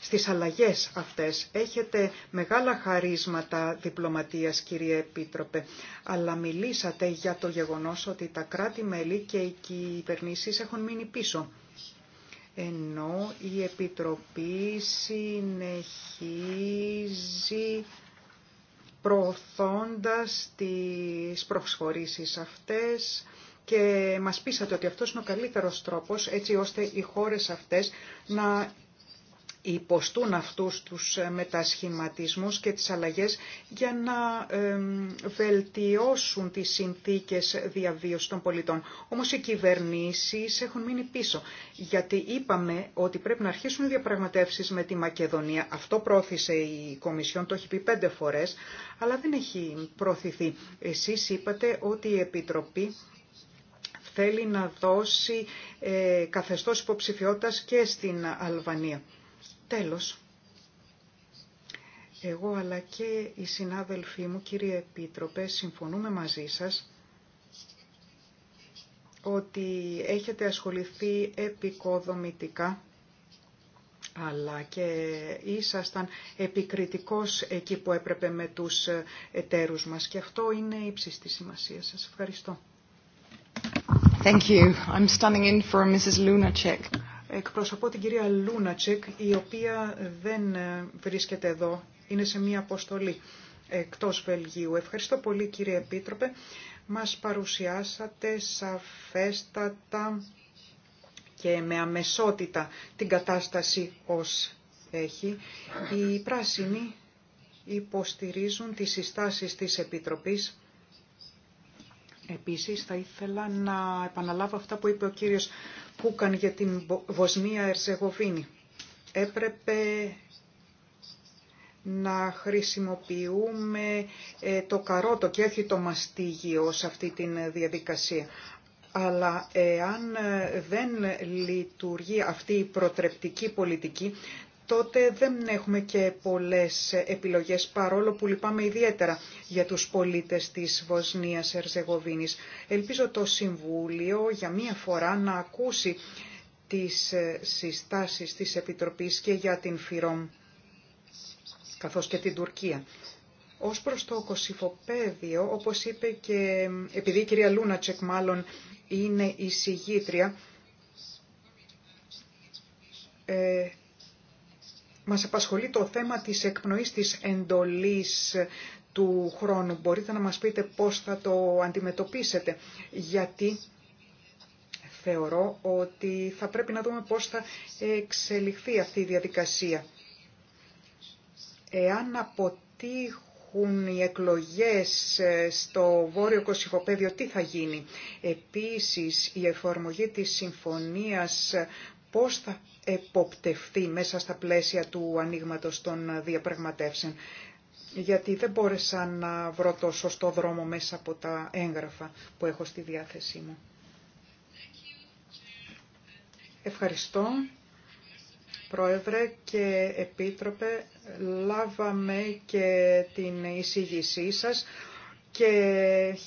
στις αλλαγές αυτές. Έχετε μεγάλα χαρίσματα διπλωματίας, κύριε Επίτροπε, αλλά μιλήσατε για το γεγονός ότι τα κράτη-μέλη και οι κυβερνήσει έχουν μείνει πίσω. Ενώ η Επιτροπή συνεχίζει προωθώντας τις προσφορήσεις αυτές και μας πείσατε ότι αυτός είναι ο καλύτερος τρόπος έτσι ώστε οι χώρες αυτές να υποστούν αυτούς τους ε, μετασχηματισμούς και τις αλλαγές για να ε, βελτιώσουν τις συνθήκες διαβίωσης των πολιτών. Όμως οι κυβερνήσεις έχουν μείνει πίσω, γιατί είπαμε ότι πρέπει να αρχίσουν οι διαπραγματεύσεις με τη Μακεδονία. Αυτό πρόθεσε η Κομισιόν, το έχει πει πέντε φορές, αλλά δεν έχει προωθηθεί. Εσείς είπατε ότι η Επιτροπή θέλει να δώσει ε, καθεστώς υποψηφιότητας και στην Αλβανία. Τέλος, εγώ αλλά και οι συνάδελφοί μου, κύριε Επίτροπε, συμφωνούμε μαζί σας ότι έχετε ασχοληθεί επικοδομητικά αλλά και ήσασταν επικριτικός εκεί που έπρεπε με τους εταίρους μας και αυτό είναι ύψης της σημασίας. Σας ευχαριστώ. Thank I'm standing for Εκπροσωπώ την κυρία Λούνατσεκ, η οποία δεν ε, βρίσκεται εδώ. Είναι σε μία αποστολή εκτός Βελγίου. Ευχαριστώ πολύ κύριε Επίτροπε. Μας παρουσιάσατε σαφέστατα και με αμεσότητα την κατάσταση ως έχει. Οι πράσινοι υποστηρίζουν τις συστάσεις της Επιτροπής. Επίσης θα ήθελα να επαναλάβω αυτά που είπε ο κύριος Κούκαν για την Βοσνία Ερζεγοβίνη. Έπρεπε να χρησιμοποιούμε ε, το καρότο και όχι το μαστίγιο σε αυτή τη ε, διαδικασία. Αλλά εάν ε, δεν λειτουργεί αυτή η προτρεπτική πολιτική, τότε δεν έχουμε και πολλές επιλογές, παρόλο που λυπάμαι ιδιαίτερα για τους πολίτες της Βοσνίας Ερζεγοβίνης. Ελπίζω το Συμβούλιο για μία φορά να ακούσει τις ε, συστάσεις της Επιτροπής και για την ΦΥΡΟΜ, καθώς και την Τουρκία. Ως προς το κοσυφοπέδιο, όπως είπε και, επειδή η κυρία Λούνατσεκ μάλλον είναι η συγγήτρια, ε, μας απασχολεί το θέμα της εκπνοής της εντολής του χρόνου. Μπορείτε να μας πείτε πώς θα το αντιμετωπίσετε, γιατί θεωρώ ότι θα πρέπει να δούμε πώς θα εξελιχθεί αυτή η διαδικασία. Εάν αποτύχουν οι εκλογές στο Βόρειο Κωσυφοπέδιο, τι θα γίνει. Επίσης, η εφαρμογή της συμφωνίας πώς θα εποπτευθεί μέσα στα πλαίσια του ανοίγματο των διαπραγματεύσεων. Γιατί δεν μπόρεσα να βρω το σωστό δρόμο μέσα από τα έγγραφα που έχω στη διάθεσή μου. Ευχαριστώ. Πρόεδρε και Επίτροπε, λάβαμε και την εισήγησή σας και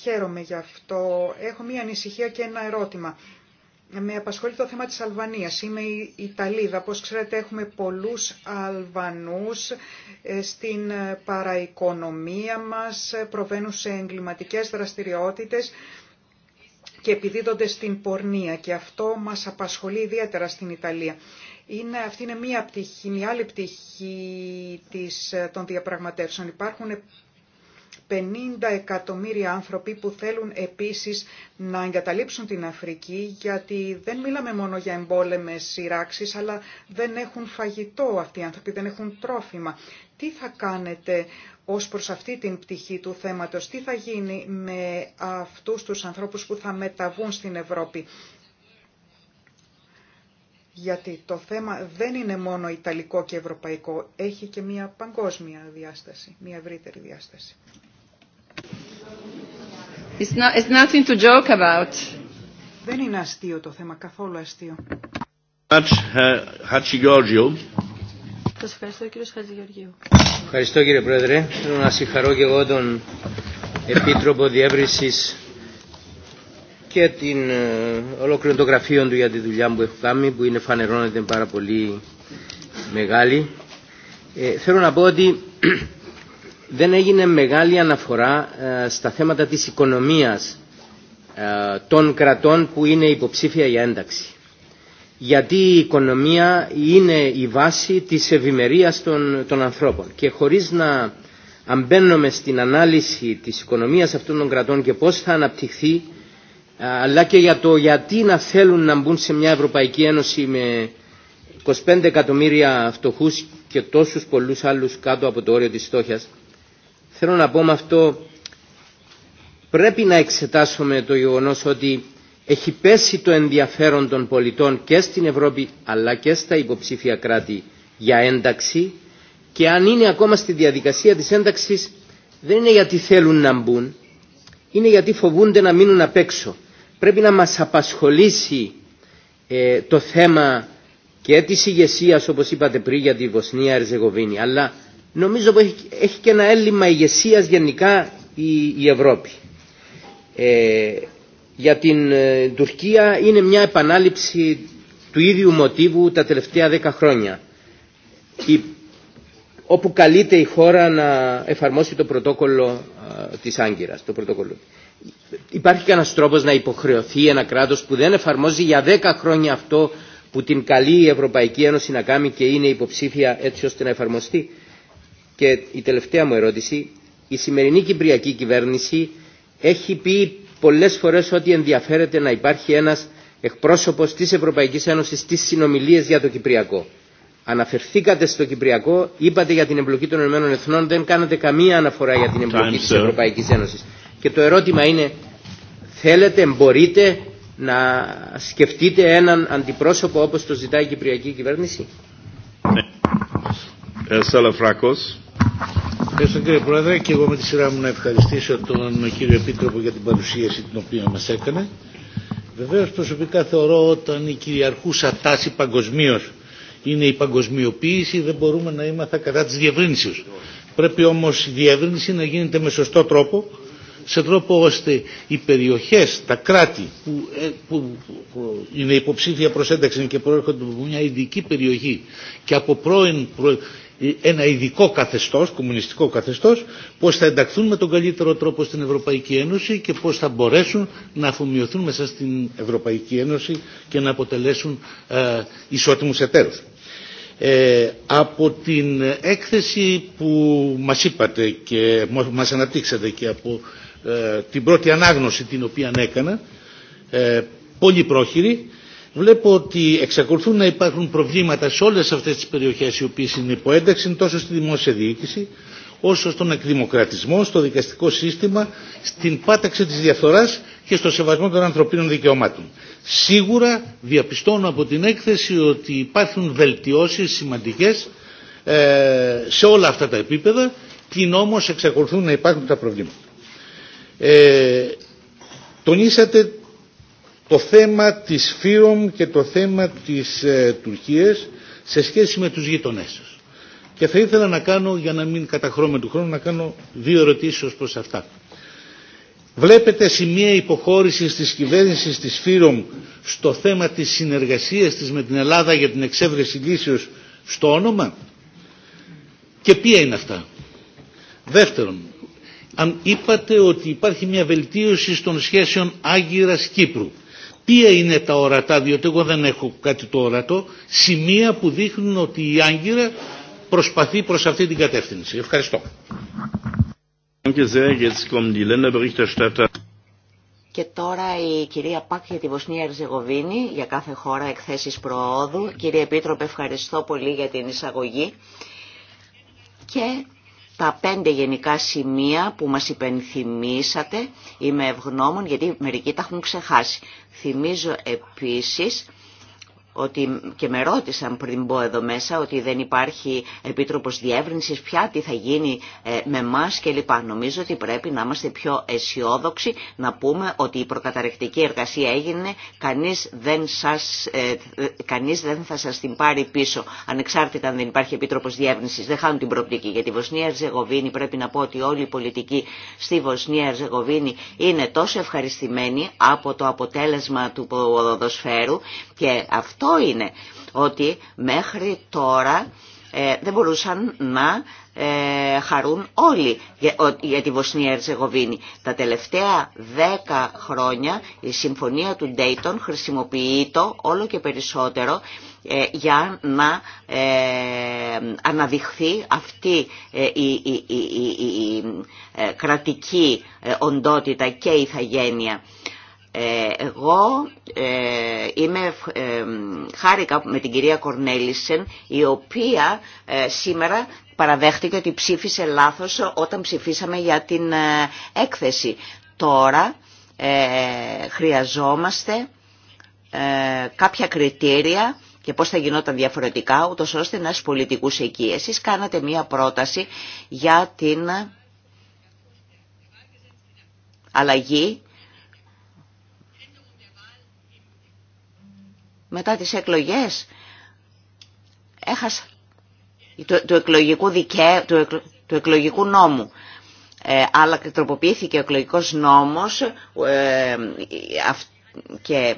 χαίρομαι γι' αυτό. Έχω μία ανησυχία και ένα ερώτημα με απασχολεί το θέμα της Αλβανίας. Είμαι η Ιταλίδα. Πώς ξέρετε έχουμε πολλούς Αλβανούς ε, στην ε, παραοικονομία μας, ε, προβαίνουν σε εγκληματικές δραστηριότητες και επιδίδονται στην πορνεία και αυτό μας απασχολεί ιδιαίτερα στην Ιταλία. Είναι, αυτή είναι μία πτυχή, μία άλλη πτυχή των διαπραγματεύσεων. Υπάρχουν 50 εκατομμύρια άνθρωποι που θέλουν επίσης να εγκαταλείψουν την Αφρική γιατί δεν μιλάμε μόνο για εμπόλεμες σειράξεις αλλά δεν έχουν φαγητό αυτοί οι άνθρωποι, δεν έχουν τρόφιμα. Τι θα κάνετε ως προς αυτή την πτυχή του θέματος, τι θα γίνει με αυτούς τους ανθρώπους που θα μεταβούν στην Ευρώπη. Γιατί το θέμα δεν είναι μόνο ιταλικό και ευρωπαϊκό, έχει και μια παγκόσμια διάσταση, μια ευρύτερη διάσταση. Δεν είναι αστείο το θέμα, καθόλου αστείο.
Uh, ευχαριστώ κύριε Πρόεδρε. Θέλω να συγχαρώ και εγώ τον Επίτροπο Διεύρυνσης και την ε, ολόκληρο το γραφείο του για τη δουλειά που έχω κάνει που είναι φανερώνεται πάρα πολύ μεγάλη. Ε, θέλω να πω ότι δεν έγινε μεγάλη αναφορά ε, στα θέματα της οικονομίας ε, των κρατών που είναι υποψήφια για ένταξη. Γιατί η οικονομία είναι η βάση της ευημερίας των, ανθρώπων. Και χωρίς να αμπαίνουμε στην ανάλυση της οικονομίας αυτών των κρατών και πώς θα αναπτυχθεί, ε, αλλά και για το γιατί να θέλουν να μπουν σε μια Ευρωπαϊκή Ένωση με 25 εκατομμύρια φτωχούς και τόσους πολλούς άλλους κάτω από το όριο της στόχιας, Θέλω να πω με αυτό, πρέπει να εξετάσουμε το γεγονό ότι έχει πέσει το ενδιαφέρον των πολιτών και στην Ευρώπη αλλά και στα υποψήφια κράτη για ένταξη και αν είναι ακόμα στη διαδικασία της ένταξης δεν είναι γιατί θέλουν να μπουν, είναι γιατί φοβούνται να μείνουν απ' έξω. Πρέπει να μας απασχολήσει ε, το θέμα και της ηγεσία, όπως είπατε πριν για τη Βοσνία-Ερζεγοβίνη αλλά νομίζω ότι έχει και ένα έλλειμμα ηγεσία γενικά η Ευρώπη. Ε, για την ε, Τουρκία είναι μια επανάληψη του ίδιου μοτίβου τα τελευταία δέκα χρόνια όπου καλείται η χώρα να εφαρμόσει το πρωτόκολλο της Άγκυρας το πρωτόκολλο. υπάρχει κανένα τρόπος να υποχρεωθεί ένα κράτος που δεν εφαρμόζει για δέκα χρόνια αυτό που την καλεί η Ευρωπαϊκή Ένωση να κάνει και είναι υποψήφια έτσι ώστε να εφαρμοστεί και η τελευταία μου ερώτηση. Η σημερινή Κυπριακή κυβέρνηση έχει πει πολλές φορές ότι ενδιαφέρεται να υπάρχει ένας εκπρόσωπος της Ευρωπαϊκής Ένωσης στις συνομιλίες για το Κυπριακό. Αναφερθήκατε στο Κυπριακό, είπατε για την εμπλοκή των Ηνωμένων Εθνών, δεν κάνατε καμία αναφορά για την εμπλοκή της Ευρωπαϊκής Ένωσης. Και το ερώτημα είναι, θέλετε, μπορείτε να σκεφτείτε έναν αντιπρόσωπο όπως το ζητάει η Κυπριακή Κυβέρνηση.
Ναι. Ε,
Ευχαριστώ κύριε Πρόεδρε και εγώ με τη σειρά μου να ευχαριστήσω τον κύριο Επίτροπο για την παρουσίαση την οποία μας έκανε. Βεβαίω προσωπικά θεωρώ όταν η κυριαρχούσα τάση παγκοσμίω είναι η παγκοσμιοποίηση δεν μπορούμε να είμαστε κατά της διευρύνσεως. Πρέπει όμως η διεύρυνση να γίνεται με σωστό τρόπο σε τρόπο ώστε οι περιοχές, τα κράτη ε, που, που είναι υποψήφια προς ένταξη και προέρχονται από μια ειδική περιοχή και από πρώην ε, ένα ειδικό καθεστώς, κομμουνιστικό καθεστώς, πώς θα ενταχθούν με τον καλύτερο τρόπο στην Ευρωπαϊκή Ένωση και πώς θα μπορέσουν να αφομοιωθούν μέσα στην Ευρωπαϊκή Ένωση και να αποτελέσουν ε, ισότιμους εταίρους. Ε, από την έκθεση που μας είπατε και μας αναπτύξατε και από ε, την πρώτη ανάγνωση την οποία έκανα, πολύ πρόχειρη, βλέπω ότι εξακολουθούν να υπάρχουν προβλήματα σε όλες αυτές τις περιοχές οι οποίες είναι υποένταξη τόσο στη δημόσια διοίκηση όσο στον εκδημοκρατισμό, στο δικαστικό σύστημα, στην πάταξη της διαφθοράς και στο σεβασμό των ανθρωπίνων δικαιωμάτων. Σίγουρα διαπιστώνω από την έκθεση ότι υπάρχουν βελτιώσεις σημαντικές ε, σε όλα αυτά τα επίπεδα και όμως εξακολουθούν να υπάρχουν τα προβλήματα. Ε, τονίσατε το θέμα της ΦΥΡΟΜ και το θέμα της ε, Τουρκίας σε σχέση με τους γειτονές Και θα ήθελα να κάνω, για να μην καταχρώμε του χρόνου, να κάνω δύο ερωτήσεις ως προς αυτά. Βλέπετε σημεία υποχώρησης της κυβέρνησης της ΦΥΡΟΜ στο θέμα της συνεργασίας της με την Ελλάδα για την εξέβρεση λύσεως στο όνομα. Και ποια είναι αυτά. Δεύτερον, αν είπατε ότι υπάρχει μια βελτίωση των σχέσεων Άγκυρας Κύπρου Ποια είναι τα ορατά, διότι εγώ δεν έχω κάτι το ορατό, σημεία που δείχνουν ότι η Άγκυρα προσπαθεί προς αυτή την κατεύθυνση. Ευχαριστώ.
Και τώρα η κυρία Πάκ για τη Βοσνία Ερζεγοβίνη, για κάθε χώρα εκθέσεις προόδου. Κύριε Επίτροπε, ευχαριστώ πολύ για την εισαγωγή. Και τα πέντε γενικά σημεία που μας υπενθυμίσατε. Είμαι ευγνώμων γιατί μερικοί τα έχουν ξεχάσει. Θυμίζω επίσης ότι και με ρώτησαν πριν μπω εδώ μέσα ότι δεν υπάρχει επίτροπος διεύρυνσης, πια τι θα γίνει ε, με εμά κλπ. Νομίζω ότι πρέπει να είμαστε πιο αισιόδοξοι, να πούμε ότι η προκαταρρεκτική εργασία έγινε, κανείς δεν, σας, ε, ε, κανείς δεν θα σας την πάρει πίσω, ανεξάρτητα αν δεν υπάρχει επίτροπος διεύρυνσης, δεν χάνουν την προοπτική. Για τη Βοσνία Ερζεγοβίνη πρέπει να πω ότι όλη η πολιτική στη Βοσνία Ερζεγοβίνη είναι τόσο ευχαριστημένη από το αποτέλεσμα του ποδοσφαίρου και αυτό Σημαντικό είναι ότι μέχρι τώρα ε, δεν μπορούσαν να ε, χαρούν όλοι για, τη Βοσνία Ερζεγοβίνη. Τα τελευταία δέκα χρόνια η συμφωνία του Ντέιτον χρησιμοποιεί το όλο και περισσότερο ε, για να αναδειχθεί αυτή η, η, η, η κρατική οντότητα και η ηθαγένεια. Ε, εγώ ε, είμαι, ε, χάρηκα με την κυρία Κορνέλησεν, η οποία σήμερα παραδέχτηκε ότι ψήφισε λάθος όταν ψηφίσαμε για την έκθεση. Τώρα χρειαζόμαστε κάποια κριτήρια και πώς θα γινόταν διαφορετικά ούτως ώστε να στους πολιτικούς εκεί. Εσείς κάνατε μία πρόταση για την αλλαγή μετά τις εκλογές έχασα το το εκλογικού, δικαίου, του, εκλογικού νόμου. Ε, αλλά τροποποιήθηκε ο εκλογικός νόμος ε, και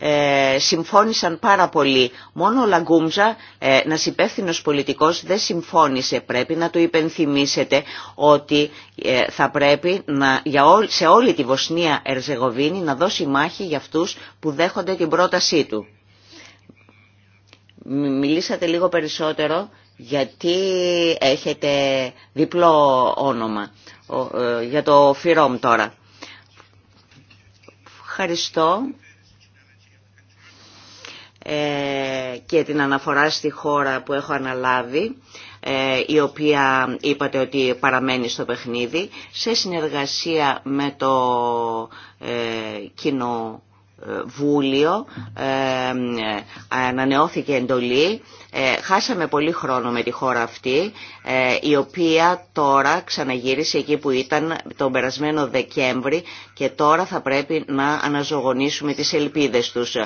Ε, συμφώνησαν πάρα πολύ. Μόνο ο Λαγκούμζα, ε, υπεύθυνο πολιτικός, δεν συμφώνησε. Πρέπει να του υπενθυμίσετε ότι ε, θα πρέπει να, για σε όλη τη Βοσνία Ερζεγοβίνη να δώσει μάχη για αυτούς που δέχονται την πρότασή του. Μιλήσατε λίγο περισσότερο γιατί έχετε διπλό όνομα ε, για το Φιρόμ τώρα. Ευχαριστώ και την αναφορά στη χώρα που έχω αναλάβει, ε, η οποία είπατε ότι παραμένει στο παιχνίδι, σε συνεργασία με το ε, κοινό ε, Βούλιο, ανανεώθηκε εντολή. Χάσαμε πολύ χρόνο με τη χώρα αυτή, η οποία τώρα ξαναγύρισε εκεί που ήταν τον περασμένο Δεκέμβρη και τώρα θα πρέπει να αναζωογονήσουμε τις ελπίδες τους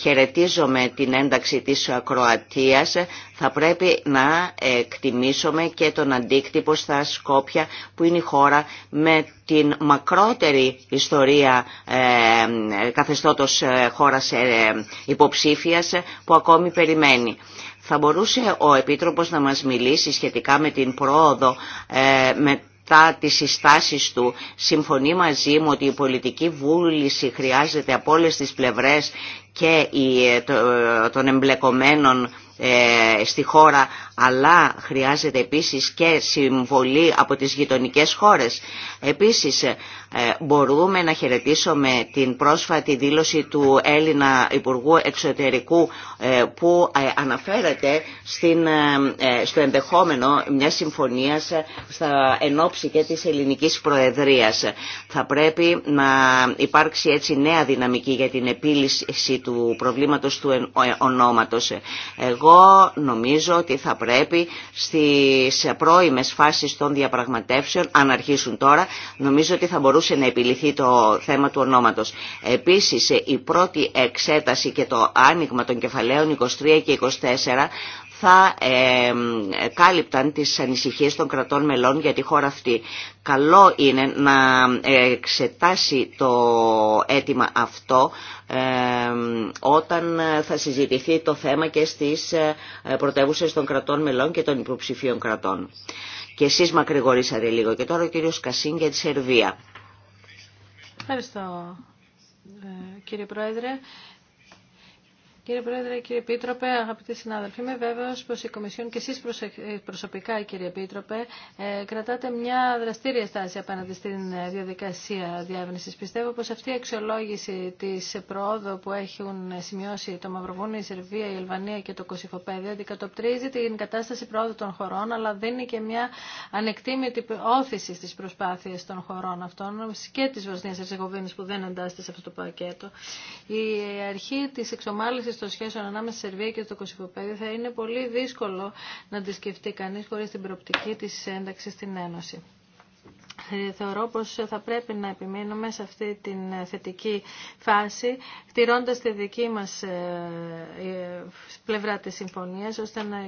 χαιρετίζομαι την ένταξη της Κροατίας, θα πρέπει να εκτιμήσουμε και τον αντίκτυπο στα Σκόπια που είναι η χώρα με την μακρότερη ιστορία ε, καθεστώτος ε, χώρας ε, υποψήφιας που ακόμη περιμένει. Θα μπορούσε ο Επίτροπος να μας μιλήσει σχετικά με την πρόοδο με τα τις συστάσεις του συμφωνεί μαζί μου ότι η πολιτική βούληση χρειάζεται από όλες τις πλευρές και των εμπλεκομένων ε, στη χώρα αλλά χρειάζεται επίσης και συμβολή από τις γειτονικές χώρες. Επίσης ε, μπορούμε να χαιρετήσουμε την πρόσφατη δήλωση του Έλληνα Υπουργού Εξωτερικού ε, που ε, αναφέρεται στην, στο ενδεχόμενο μια συμφωνίας στα ενόψη και της ελληνικής προεδρίας. Θα πρέπει να υπάρξει έτσι νέα δυναμική για την επίλυση του προβλήματος του ονόματος. Εγώ νομίζω ότι θα πρέπει στις πρώιμες φάσεις των διαπραγματεύσεων, αν αρχίσουν τώρα, Νομίζω ότι θα μπορούσε να επιληθεί το θέμα του ονόματος. Επίσης η πρώτη εξέταση και το άνοιγμα των κεφαλαίων 23 και 24 θα ε, κάλυπταν τις ανησυχίες των κρατών μελών για τη χώρα αυτή. Καλό είναι να εξετάσει το αίτημα αυτό ε, όταν θα συζητηθεί το θέμα και στις ε, πρωτεύουσες των κρατών μελών και των υποψηφίων κρατών. Και εσείς μακρηγορήσατε λίγο. Και τώρα ο κύριος Κασίν για τη Σερβία.
Ευχαριστώ ε, κύριε Πρόεδρε. Κύριε Πρόεδρε, κύριε Επίτροπε, αγαπητοί συνάδελφοι, είμαι βέβαιο πω η Κομισιόν και εσεί ε, προσωπικά, κύριε Επίτροπε, ε, κρατάτε μια δραστήρια στάση απέναντι στην ε, διαδικασία διεύρυνση. Πιστεύω πω αυτή η αξιολόγηση τη προόδου που έχουν σημειώσει το Μαυροβούνιο, η Σερβία, η Ελβανία και το Κωσυφοπέδιο αντικατοπτρίζει την κατάσταση προόδου των χωρών, αλλά δίνει και μια ανεκτήμητη όθηση στι προσπάθειε των χωρών αυτών και τη Βοσνία Ερζεγοβίνη που δεν εντάσσεται αυτό το πακέτο. Η αρχή τη εξομάλυση στο των σχέσεων ανάμεσα στη Σερβία και στο Κωσυφοπέδιο θα είναι πολύ δύσκολο να τη σκεφτεί κανεί χωρί την προοπτική τη ένταξη στην Ένωση. Ε, θεωρώ πως θα πρέπει να επιμείνουμε σε αυτή τη ε, θετική φάση, χτυρώντας τη δική μας ε, πλευρά της συμφωνίας, ώστε να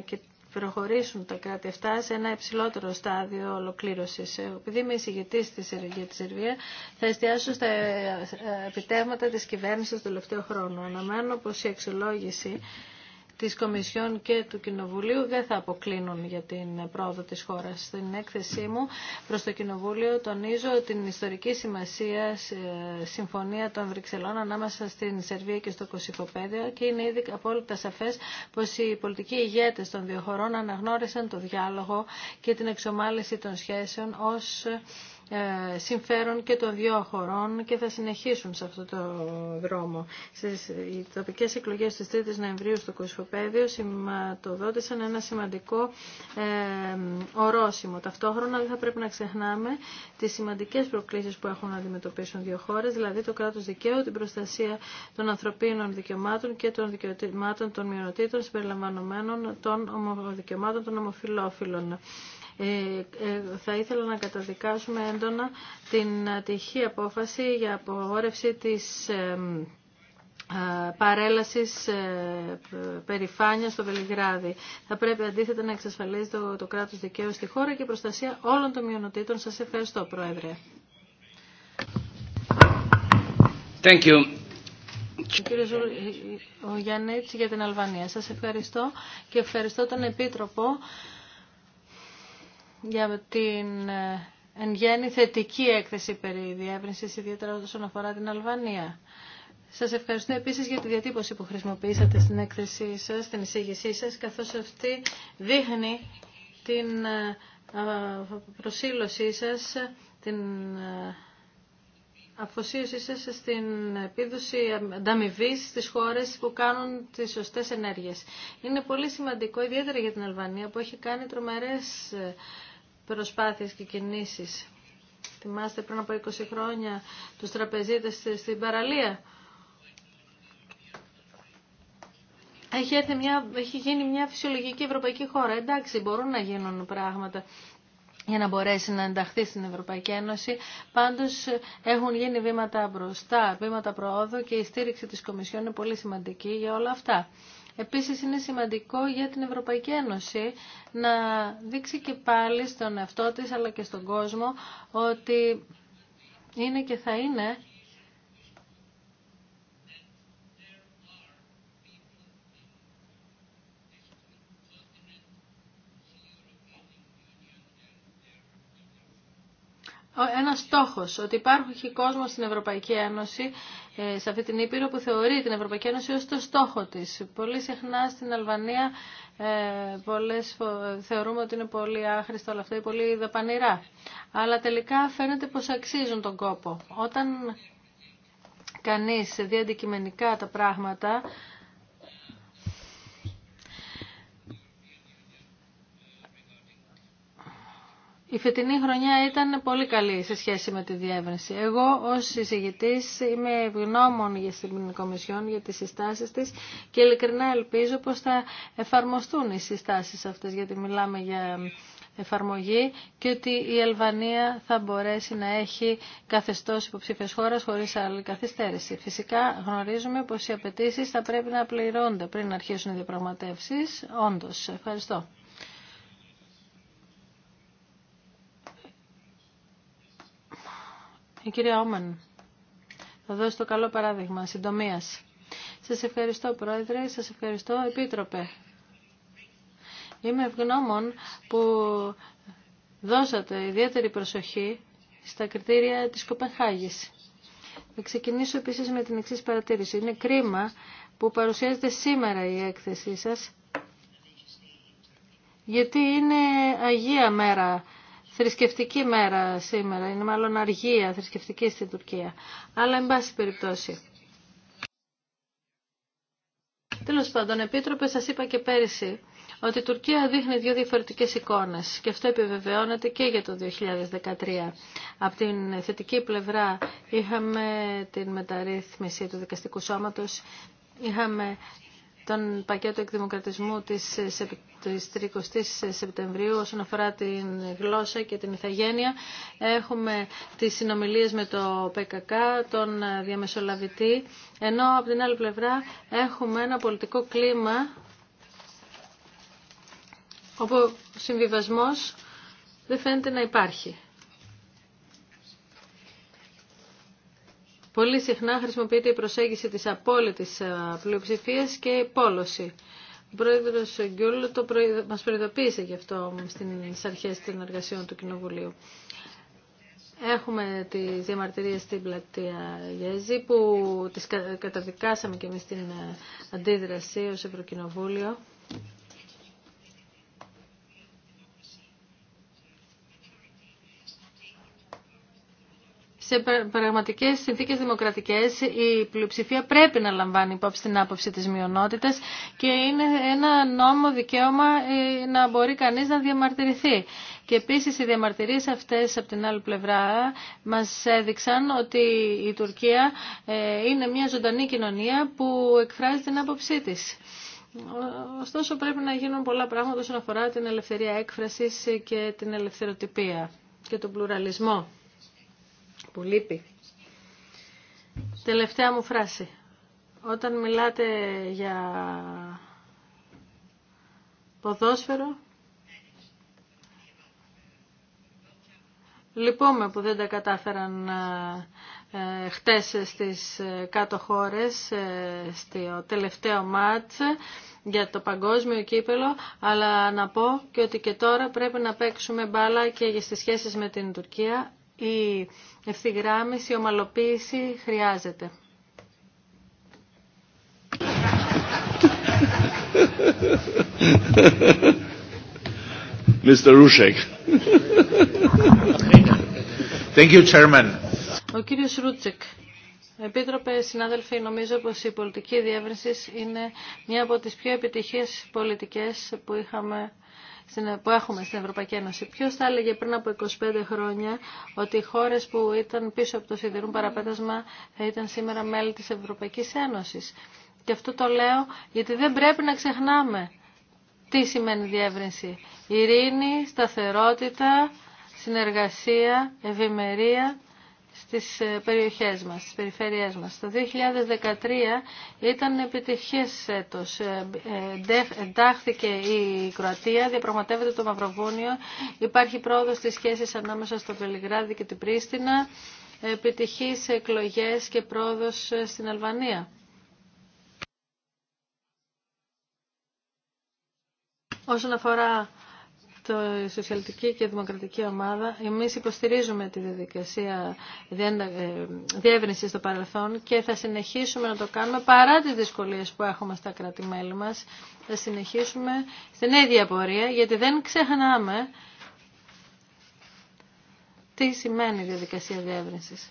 προχωρήσουν τα κράτη αυτά σε ένα υψηλότερο στάδιο ολοκλήρωση. Ε, επειδή είμαι εισηγητή για τη Σερβία, θα εστιάσω στα ε, επιτεύγματα τη κυβέρνηση του τελευταίου χρόνου. Αναμένω πω η αξιολόγηση της Κομισιόν και του Κοινοβουλίου δεν θα αποκλίνουν για την πρόοδο της χώρας. Στην έκθεσή μου προς το Κοινοβούλιο τονίζω την ιστορική σημασία ε, συμφωνία των Βρυξελών ανάμεσα στην Σερβία και στο Κωσυφοπέδιο και είναι ήδη απόλυτα σαφές πως οι πολιτικοί ηγέτες των δύο χωρών αναγνώρισαν το διάλογο και την εξομάλυση των σχέσεων ως ε, συμφέρον και των δύο χωρών και θα συνεχίσουν σε αυτό το δρόμο. Στις, οι τοπικές εκλογές της 3ης Νοεμβρίου στο Κοσφοπέδιο σηματοδότησαν ένα σημαντικό ε, ορόσημο. Ταυτόχρονα δεν θα πρέπει να ξεχνάμε τις σημαντικές προκλήσεις που έχουν να αντιμετωπίσουν δύο χώρες, δηλαδή το κράτος δικαίου, την προστασία των ανθρωπίνων δικαιωμάτων και των δικαιωμάτων των μειονοτήτων συμπεριλαμβανομένων των δικαιωμάτων των ομοφυλόφιλων. Ε, ε, θα ήθελα να καταδικάσουμε έντονα την ατυχή απόφαση για απογόρευση της παρέλασης ε, περηφάνειας στο Βελιγράδι. Θα πρέπει αντίθετα να εξασφαλίζει το, το κράτος δικαίου στη χώρα και η προστασία όλων των μειονοτήτων. Σας ευχαριστώ, Πρόεδρε. Thank you. Κύριε ο Γιάννη για την Αλβανία. Σας ευχαριστώ και ευχαριστώ τον Επίτροπο για την ε, εν γέννη θετική έκθεση περί διεύρυνσης, ιδιαίτερα όσον αφορά την Αλβανία. Σας ευχαριστώ επίσης για τη διατύπωση που χρησιμοποιήσατε στην έκθεσή σας, στην εισήγησή σας, καθώς αυτή δείχνει την ε, προσήλωσή σας, την ε, αφοσίωσή σας στην επίδοση ανταμοιβή στις χώρες που κάνουν τις σωστές ενέργειες. Είναι πολύ σημαντικό, ιδιαίτερα για την Αλβανία, που έχει κάνει τρομερές προσπάθειες και κινήσεις. Θυμάστε πριν από 20 χρόνια τους τραπεζίτες στην παραλία. Έχει, μια, έχει γίνει μια φυσιολογική ευρωπαϊκή χώρα. Εντάξει, μπορούν να γίνουν πράγματα για να μπορέσει να ενταχθεί στην Ευρωπαϊκή Ένωση. Πάντως έχουν γίνει βήματα μπροστά, βήματα προόδου και η στήριξη της Κομισιόν είναι πολύ σημαντική για όλα αυτά. Επίσης είναι σημαντικό για την Ευρωπαϊκή Ένωση να δείξει και πάλι στον εαυτό της αλλά και στον κόσμο ότι είναι και θα είναι ένα στόχος, ότι υπάρχει κόσμο στην Ευρωπαϊκή Ένωση ε, σε αυτή την Ήπειρο που θεωρεί την Ευρωπαϊκή Ένωση ως το στόχο της. Πολύ συχνά στην Αλβανία ε, πολλές θεωρούμε ότι είναι πολύ άχρηστο όλα αυτά ή πολύ δαπανηρά. Αλλά τελικά φαίνεται πως αξίζουν τον κόπο. Όταν κανείς δει αντικειμενικά τα πράγματα, Η φετινή χρονιά ήταν πολύ καλή σε σχέση με τη διεύρυνση. Εγώ ως συζητητής είμαι ευγνώμων για την Κομισιόν για τις συστάσεις της και ειλικρινά ελπίζω πως θα εφαρμοστούν οι συστάσεις αυτές γιατί μιλάμε για εφαρμογή και ότι η Αλβανία θα μπορέσει να έχει καθεστώς υποψήφιας χώρας χωρίς άλλη καθυστέρηση. Φυσικά γνωρίζουμε πως οι απαιτήσει θα πρέπει να πληρώνται πριν αρχίσουν οι διαπραγματεύσεις. Όντως, ευχαριστώ. Η κυρία Όμαν, θα δώσω το καλό παράδειγμα συντομίας. Σας ευχαριστώ Πρόεδρε, σας ευχαριστώ Επίτροπε. Είμαι ευγνώμων που δώσατε ιδιαίτερη προσοχή στα κριτήρια της Κοπενχάγης. Θα ξεκινήσω επίσης με την εξή παρατήρηση. Είναι κρίμα που παρουσιάζεται σήμερα η έκθεσή σας, γιατί είναι Αγία Μέρα θρησκευτική μέρα σήμερα, είναι μάλλον αργία θρησκευτική στην Τουρκία. Αλλά εν πάση περιπτώσει. Τέλο πάντων, Επίτροπε, σα είπα και πέρυσι ότι η Τουρκία δείχνει δύο διαφορετικέ εικόνε και αυτό επιβεβαιώνεται και για το 2013. Από την θετική πλευρά είχαμε την μεταρρύθμιση του δικαστικού σώματο, είχαμε τον πακέτο εκδημοκρατισμού της, της 30ης Σεπτεμβρίου όσον αφορά την γλώσσα και την ηθαγένεια. Έχουμε τις συνομιλίες με το ΠΚΚ, τον διαμεσολαβητή, ενώ από την άλλη πλευρά έχουμε ένα πολιτικό κλίμα όπου ο συμβιβασμός δεν φαίνεται να υπάρχει. Πολύ συχνά χρησιμοποιείται η προσέγγιση της απόλυτης ε, πλειοψηφίας και η πόλωση. Ο πρόεδρος Γκιούλ το μας προειδοποίησε γι' αυτό στις αρχές των εργασιών του Κοινοβουλίου. Έχουμε τις διαμαρτυρίες στην πλατεία Γέζη που τις καταδικάσαμε και εμείς την ε, αντίδραση ως Ευρωκοινοβούλιο. σε πραγματικές συνθήκες δημοκρατικές η πλειοψηφία πρέπει να λαμβάνει υπόψη την άποψη της μειονότητας και είναι ένα νόμο δικαίωμα ε, να μπορεί κανείς να διαμαρτυρηθεί. Και επίσης οι διαμαρτυρίες αυτές από την άλλη πλευρά μας έδειξαν ότι η Τουρκία ε, είναι μια ζωντανή κοινωνία που εκφράζει την άποψή της. Ωστόσο πρέπει να γίνουν πολλά πράγματα όσον αφορά την ελευθερία έκφρασης και την ελευθεροτυπία και τον πλουραλισμό που Τελευταία μου φράση. Όταν μιλάτε για ποδόσφαιρο, λυπόμαι που δεν τα κατάφεραν ε, χτες στις ε, κάτω χώρες ε, στο τελευταίο μάτς για το παγκόσμιο κύπελο αλλά να πω και ότι και τώρα πρέπει να παίξουμε μπάλα και στις σχέσεις με την Τουρκία η ευθυγράμμιση, ομαλοποίηση χρειάζεται.
Mr. Rushek.
Thank you, Chairman.
Ο κύριος Ρούτσεκ. Επίτροπε, συνάδελφοι, νομίζω πως η πολιτική διεύρυνση είναι μια από τις πιο επιτυχίες πολιτικές που είχαμε που έχουμε στην Ευρωπαϊκή Ένωση. Ποιο θα έλεγε πριν από 25 χρόνια ότι οι χώρε που ήταν πίσω από το σιδηρούν παραπέτασμα θα ήταν σήμερα μέλη τη Ευρωπαϊκή Ένωση. Και αυτό το λέω γιατί δεν πρέπει να ξεχνάμε τι σημαίνει διεύρυνση. Ειρήνη, σταθερότητα, συνεργασία, ευημερία στις ε, περιοχές μας, στις περιφέρειές μας. Το 2013 ήταν επιτυχές έτος. Ε, ε, εντάχθηκε η Κροατία, διαπραγματεύεται το Μαυροβούνιο, υπάρχει πρόοδος στις σχέσεις ανάμεσα στο Βελιγράδι και την Πρίστινα, επιτυχής εκλογές και πρόοδος στην Αλβανία. Όσον αφορά το Σοσιαλιστική και Δημοκρατική Ομάδα, εμείς υποστηρίζουμε τη διαδικασία ε, διεύρυνσης στο παρελθόν και θα συνεχίσουμε να το κάνουμε παρά τις δυσκολίες που έχουμε στα κράτη-μέλη μας. Θα συνεχίσουμε στην ίδια πορεία, γιατί δεν ξεχνάμε τι σημαίνει η διαδικασία διεύρυνσης.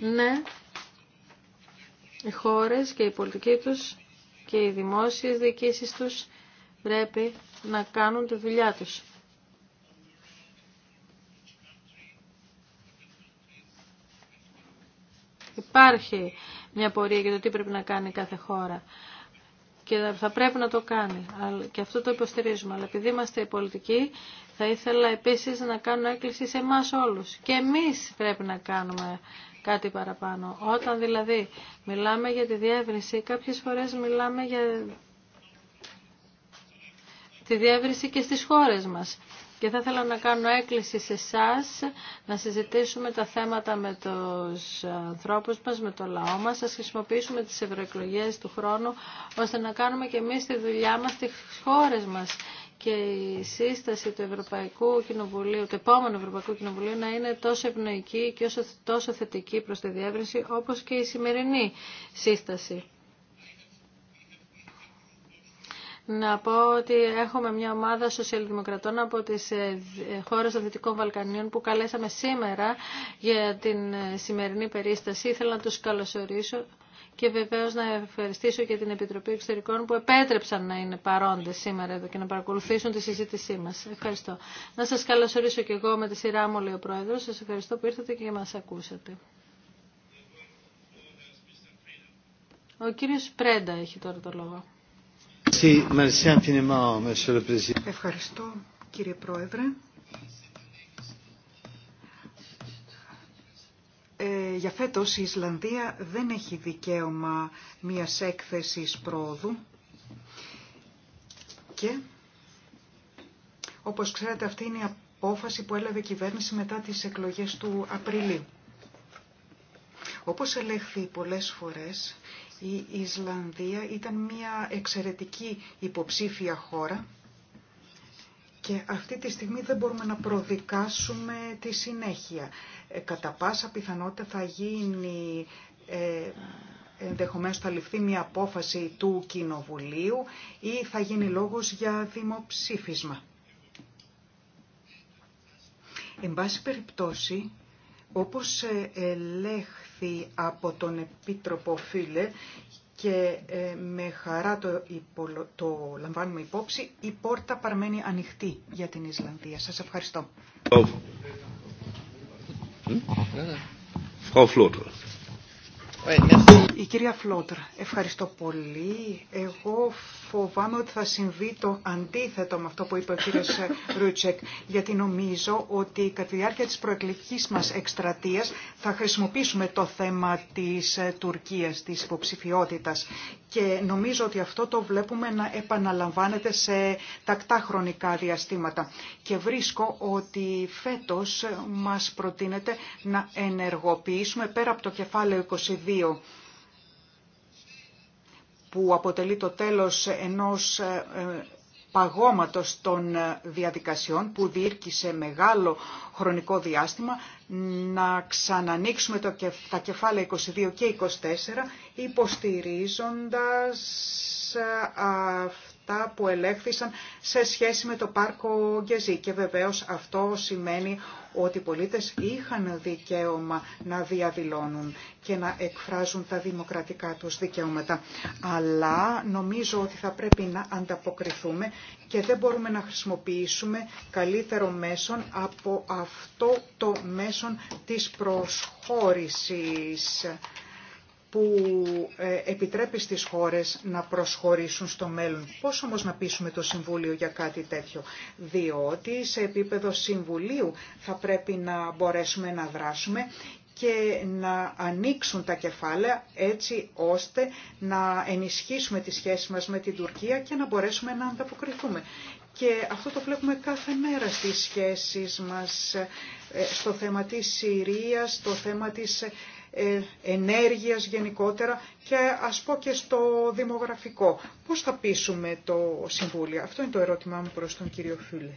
Ναι, οι χώρες και η πολιτική τους και οι δημόσιες διοικήσεις τους πρέπει να κάνουν τη δουλειά τους. υπάρχει μια πορεία για το τι πρέπει να κάνει κάθε χώρα. Και θα πρέπει να το κάνει. Και αυτό το υποστηρίζουμε. Αλλά επειδή είμαστε πολιτικοί, θα ήθελα επίσης να κάνω έκκληση σε εμά όλους. Και εμείς πρέπει να κάνουμε κάτι παραπάνω. Όταν δηλαδή μιλάμε για τη διεύρυνση, κάποιες φορές μιλάμε για τη διεύρυνση και στις χώρες μας. Και θα ήθελα να κάνω έκκληση σε εσά να συζητήσουμε τα θέματα με τους ανθρώπους μας, με το λαό μας, να χρησιμοποιήσουμε τις ευρωεκλογέ του χρόνου, ώστε να κάνουμε και εμείς τη δουλειά μας τις χώρες μας και η σύσταση του Ευρωπαϊκού Κοινοβουλίου, του επόμενου Ευρωπαϊκού Κοινοβουλίου να είναι τόσο ευνοϊκή και τόσο θετική προς τη διεύρυνση όπως και η σημερινή σύσταση. να πω ότι έχουμε μια ομάδα σοσιαλδημοκρατών από τις ε, ε, χώρες των Δυτικών Βαλκανίων που καλέσαμε σήμερα για την ε, σημερινή περίσταση. Ήθελα να τους καλωσορίσω και βεβαίως να ευχαριστήσω και την Επιτροπή Εξωτερικών που επέτρεψαν να είναι παρόντες σήμερα εδώ και να παρακολουθήσουν τη συζήτησή μας. Ευχαριστώ. Να σας καλωσορίσω και εγώ με τη σειρά μου, λέει ο Πρόεδρος. Σας ευχαριστώ που ήρθατε και μας ακούσατε. Ο κύριος Πρέντα έχει τώρα το λόγο.
Ευχαριστώ κύριε Πρόεδρε. Ε, για φέτος η Ισλανδία δεν έχει δικαίωμα μιας έκθεσης πρόοδου και όπως ξέρετε αυτή είναι η απόφαση που έλαβε η κυβέρνηση μετά τις εκλογές του Απριλίου. Όπως ελέγχθη πολλές φορές, η Ισλανδία ήταν μια εξαιρετική υποψήφια χώρα και αυτή τη στιγμή δεν μπορούμε να προδικάσουμε τη συνέχεια. Ε, κατά πάσα πιθανότητα θα γίνει ε, ενδεχομένως θα ληφθεί μια απόφαση του Κοινοβουλίου ή θα γίνει λόγος για δημοψήφισμα. Εν πάση περιπτώσει, όπως ε, ελέγχ από τον Επίτροπο Φίλε και ε, με χαρά το, το λαμβάνουμε υπόψη. Η πόρτα παραμένει ανοιχτή για την Ισλανδία. Σας ευχαριστώ. Frau ε, Η κυρία Φλότρ, ευχαριστώ πολύ. Εγώ φοβάμαι ότι θα συμβεί το αντίθετο με αυτό που είπε ο κύριος Ρούτσεκ, γιατί νομίζω ότι κατά τη διάρκεια της προεκλογικής μας εκστρατείας θα χρησιμοποιήσουμε το θέμα της ε, Τουρκίας, της υποψηφιότητας και νομίζω ότι αυτό το βλέπουμε να επαναλαμβάνεται σε τακτά χρονικά διαστήματα. Και βρίσκω ότι φέτος μας προτείνεται να ενεργοποιήσουμε πέρα από το κεφάλαιο 22 που αποτελεί το τέλος ενός ε, παγώματος των ε, διαδικασιών που διήρκησε μεγάλο χρονικό διάστημα να ξανανοίξουμε τα κεφάλαια 22 και 24 υποστηρίζοντας ε, α, που ελέγχθησαν σε σχέση με το πάρκο Γκεζί. Και βεβαίως αυτό σημαίνει ότι οι πολίτες είχαν δικαίωμα να διαδηλώνουν και να εκφράζουν τα δημοκρατικά τους δικαιώματα. Αλλά νομίζω ότι θα πρέπει να ανταποκριθούμε και δεν μπορούμε να χρησιμοποιήσουμε καλύτερο μέσον από αυτό το μέσον της προσχώρησης που ε, επιτρέπει στις χώρες να προσχωρήσουν στο μέλλον. Πώς όμως να πείσουμε το Συμβούλιο για κάτι τέτοιο. Διότι σε επίπεδο Συμβουλίου θα πρέπει να μπορέσουμε να δράσουμε και να ανοίξουν τα κεφάλαια έτσι ώστε να ενισχύσουμε τη σχέση μας με την Τουρκία και να μπορέσουμε να ανταποκριθούμε. Και αυτό το βλέπουμε κάθε μέρα στις σχέσεις μας, ε, στο θέμα της Συρίας, στο θέμα της ε, ε, ενέργειας γενικότερα και ας πω και στο δημογραφικό. Πώς θα πείσουμε το Συμβούλιο. Αυτό είναι το ερώτημά μου προς τον κύριο Φίλε.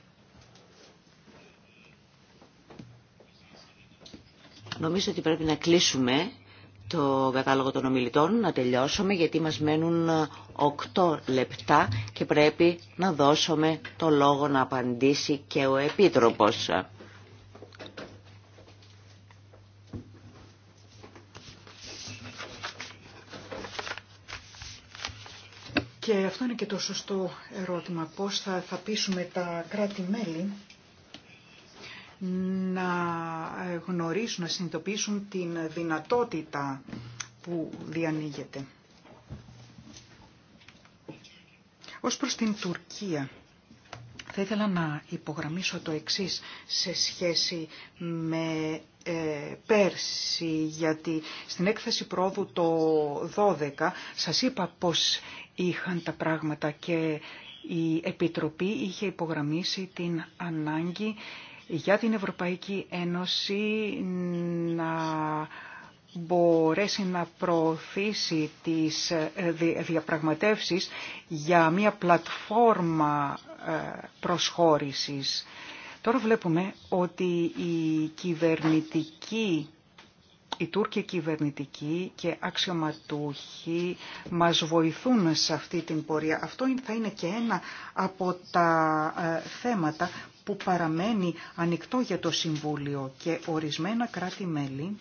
Νομίζω ότι πρέπει να κλείσουμε το κατάλογο των ομιλητών, να τελειώσουμε γιατί μας μένουν 8 ε, λεπτά και πρέπει να δώσουμε το λόγο να απαντήσει και ο Επίτροπος.
Και αυτό είναι και το σωστό ερώτημα. Πώς θα, θα πείσουμε τα κράτη-μέλη να ε, γνωρίσουν, να συνειδητοποιήσουν την δυνατότητα που διανοίγεται. Ως προς την Τουρκία, θα ήθελα να υπογραμμίσω το εξής σε σχέση με ε, πέρσι, γιατί στην έκθεση πρόοδου το 12 σας είπα πώς είχαν τα πράγματα και η Επιτροπή είχε υπογραμμίσει την ανάγκη για την Ευρωπαϊκή Ένωση να μπορέσει να προωθήσει τις ε, διαπραγματεύσεις για μια πλατφόρμα ε, προσχώρησης Τώρα βλέπουμε ότι η κυβερνητική οι Τούρκοι κυβερνητικοί και αξιωματούχοι μας βοηθούν σε αυτή την πορεία. Αυτό θα είναι και ένα από τα ε, θέματα που παραμένει ανοιχτό για το Συμβούλιο και ορισμένα κράτη-μέλη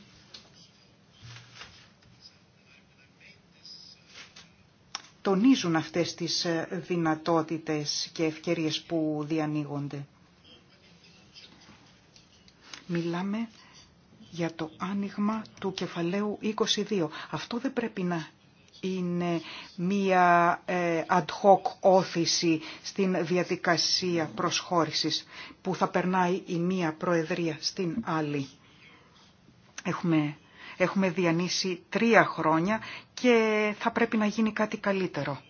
τονίζουν αυτές τις ε, δυνατότητες και ευκαιρίες που διανοίγονται. Μιλάμε για το άνοιγμα του κεφαλαίου 22. Αυτό δεν πρέπει να είναι μία ε, ad hoc όθηση στην διαδικασία προσχώρησης που θα περνάει η μία προεδρία στην άλλη. Έχουμε, έχουμε διανύσει τρία χρόνια και θα πρέπει να γίνει κάτι καλύτερο.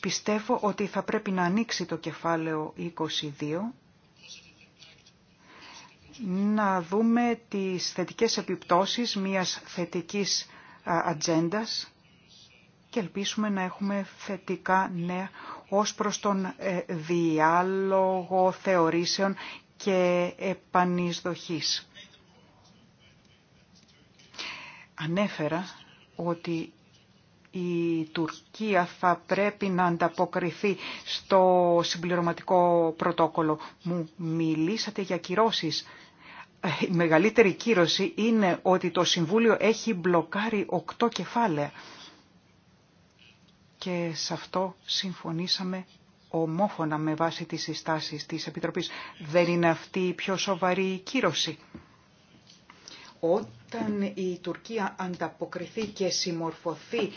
Πιστεύω ότι θα πρέπει να ανοίξει το κεφάλαιο 22 να δούμε τις θετικές επιπτώσεις μιας θετικής ατζέντα και ελπίσουμε να έχουμε θετικά νέα ως προς τον ε, διάλογο θεωρήσεων και επανεισδοχής. Ανέφερα ότι η Τουρκία θα πρέπει να ανταποκριθεί στο συμπληρωματικό πρωτόκολλο. Μου μιλήσατε για κυρώσεις ε, η μεγαλύτερη κύρωση είναι ότι το Συμβούλιο έχει μπλοκάρει οκτώ κεφάλαια. Και σε αυτό συμφωνήσαμε ομόφωνα με βάση τις συστάσεις της Επιτροπής. Δεν είναι αυτή η πιο σοβαρή κύρωση. Όταν η Τουρκία ανταποκριθεί και συμμορφωθεί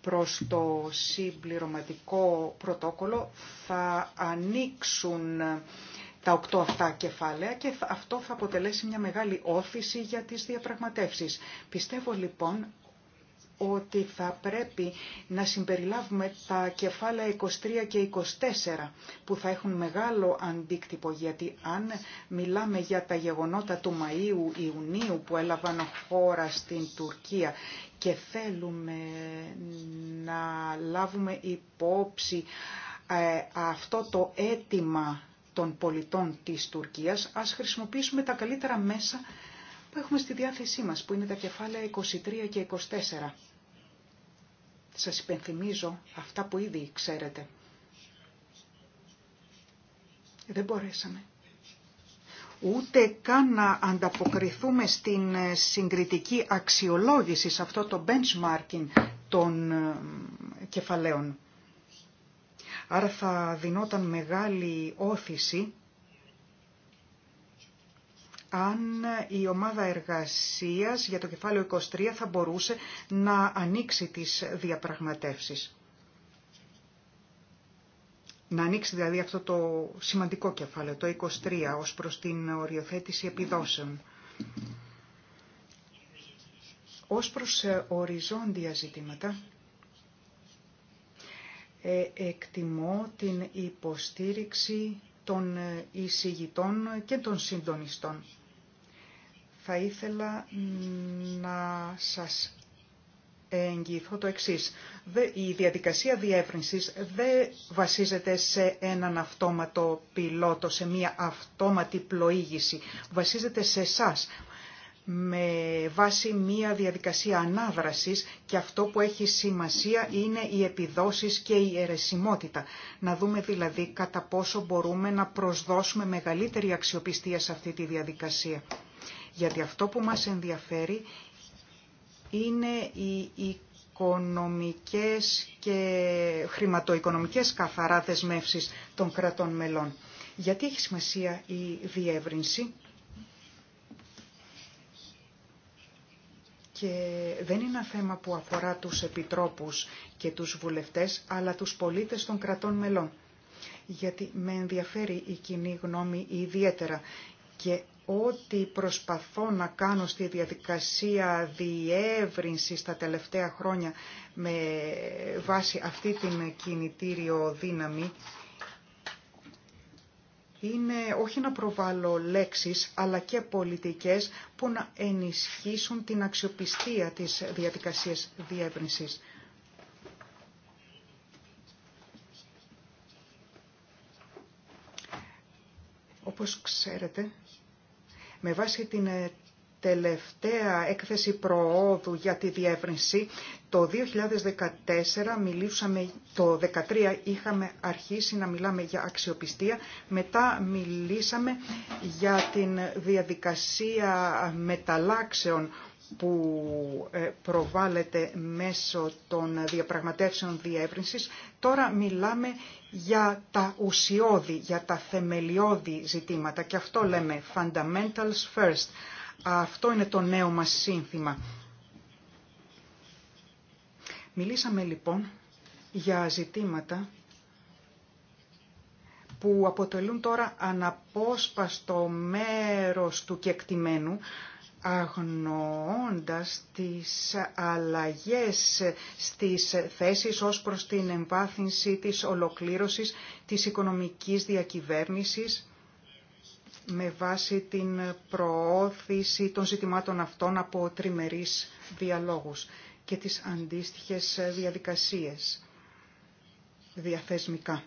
προς το συμπληρωματικό πρωτόκολλο θα ανοίξουν τα οκτώ αυτά κεφάλαια και αυτό θα αποτελέσει μια μεγάλη όθηση για τις διαπραγματεύσεις. Πιστεύω λοιπόν ότι θα πρέπει να συμπεριλάβουμε τα κεφάλαια 23 και 24 που θα έχουν μεγάλο αντίκτυπο γιατί αν μιλάμε για τα γεγονότα του Μαΐου Ιουνίου που έλαβαν χώρα στην Τουρκία και θέλουμε να λάβουμε υπόψη ε, αυτό το αίτημα των πολιτών της Τουρκίας, ας χρησιμοποιήσουμε τα καλύτερα μέσα που έχουμε στη διάθεσή μας, που είναι τα κεφάλαια 23 και 24. Σας υπενθυμίζω αυτά που ήδη ξέρετε. Δεν μπορέσαμε. Ούτε καν να ανταποκριθούμε στην ε, συγκριτική αξιολόγηση σε αυτό το benchmarking των ε, κεφαλαίων. Άρα θα δινόταν μεγάλη όθηση αν η ομάδα εργασίας για το κεφάλαιο 23 θα μπορούσε να ανοίξει τις διαπραγματεύσεις. Να ανοίξει δηλαδή αυτό το σημαντικό κεφάλαιο, το 23, ως προς την οριοθέτηση επιδόσεων. Ως προς ε, οριζόντια ζητήματα, ε, εκτιμώ την υποστήριξη των ε, εισηγητών και των συντονιστών. Θα ήθελα να σας εγγυηθώ το εξής. Η διαδικασία διεύρυνσης δεν βασίζεται σε έναν αυτόματο πιλότο, σε μία αυτόματη πλοήγηση. Βασίζεται σε εσά, με βάση μία διαδικασία ανάδρασης και αυτό που έχει σημασία είναι οι επιδόσεις και η αιρεσιμότητα. Να δούμε δηλαδή κατά πόσο μπορούμε να προσδώσουμε μεγαλύτερη αξιοπιστία σε αυτή τη διαδικασία. Γιατί αυτό που μας ενδιαφέρει είναι οι οικονομικές και χρηματοοικονομικές καθαρά δεσμεύσεις των κρατών μελών. Γιατί έχει σημασία η διεύρυνση και δεν είναι ένα θέμα που αφορά τους επιτρόπους και τους βουλευτές, αλλά τους πολίτες των κρατών μελών. Γιατί με ενδιαφέρει η κοινή γνώμη ιδιαίτερα και ό,τι προσπαθώ να κάνω στη διαδικασία διεύρυνση τα τελευταία χρόνια με βάση αυτή την κινητήριο δύναμη είναι όχι να προβάλλω λέξεις αλλά και πολιτικές που να ενισχύσουν την αξιοπιστία της διαδικασίας διεύρυνσης. Όπως ξέρετε, με βάση την ε, τελευταία έκθεση προόδου για τη διεύρυνση το 2014 μιλούσαμε, το 2013 είχαμε αρχίσει να μιλάμε για αξιοπιστία, μετά μιλήσαμε για την διαδικασία μεταλλάξεων που ε, προβάλλεται μέσω των διαπραγματεύσεων διεύρυνσης. Τώρα μιλάμε για τα ουσιώδη, για τα θεμελιώδη ζητήματα και αυτό λέμε fundamentals first αυτό είναι το νέο μας σύνθημα. Μιλήσαμε λοιπόν για ζητήματα που αποτελούν τώρα αναπόσπαστο μέρος του κεκτημένου, αγνοώντας τις αλλαγές στις θέσεις ως προς την εμβάθυνση της ολοκλήρωσης της οικονομικής διακυβέρνησης με βάση την προώθηση των ζητημάτων αυτών από τριμερείς διαλόγους και τις αντίστοιχες διαδικασίες διαθεσμικά.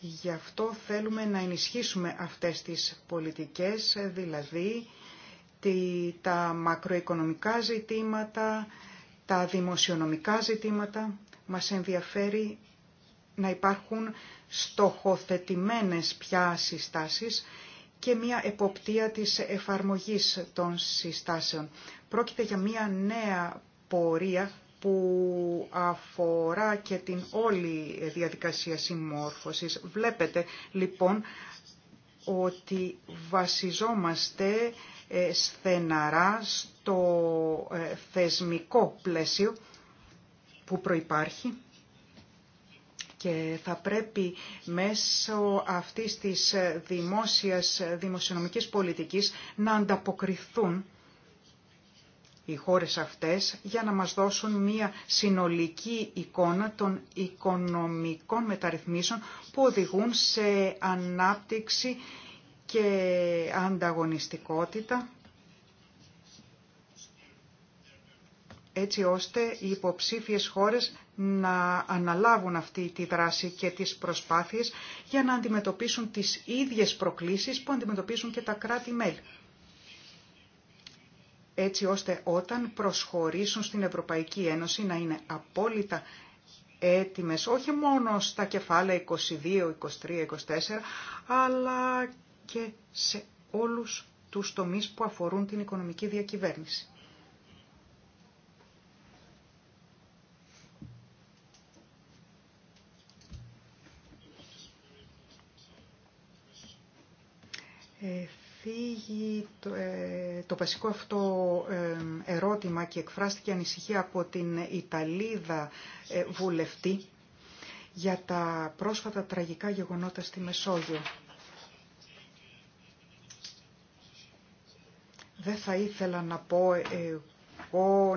Γι' αυτό θέλουμε να ενισχύσουμε αυτές τις πολιτικές, δηλαδή τα μακροοικονομικά ζητήματα, τα δημοσιονομικά ζητήματα. Μας ενδιαφέρει να υπάρχουν στοχοθετημένες πια συστάσεις και μια εποπτεία της εφαρμογής των συστάσεων. Πρόκειται για μια νέα πορεία που αφορά και την όλη διαδικασία συμμόρφωσης. Βλέπετε λοιπόν ότι βασιζόμαστε ε, στεναρά στο ε, θεσμικό πλαίσιο που προϋπάρχει και θα πρέπει μέσω αυτής της δημόσιας δημοσιονομικής πολιτικής να ανταποκριθούν οι χώρες αυτές για να μας δώσουν μία συνολική εικόνα των οικονομικών μεταρρυθμίσεων που οδηγούν σε ανάπτυξη και ανταγωνιστικότητα έτσι ώστε οι υποψήφιες χώρες να αναλάβουν αυτή τη δράση και τις προσπάθειες για να αντιμετωπίσουν τις ίδιες προκλήσεις που αντιμετωπίζουν και τα κράτη-μέλη. Έτσι ώστε όταν προσχωρήσουν στην Ευρωπαϊκή Ένωση να είναι απόλυτα έτοιμες, όχι μόνο στα κεφάλαια 22, 23, 24, αλλά και σε όλους τους τομείς που αφορούν την οικονομική διακυβέρνηση. Ε, φύγει ε, το, βασικό αυτό ε, ερώτημα και εκφράστηκε ανησυχία από την Ιταλίδα βουλευτή για τα πρόσφατα τραγικά γεγονότα στη Μεσόγειο. Δεν θα ήθελα να πω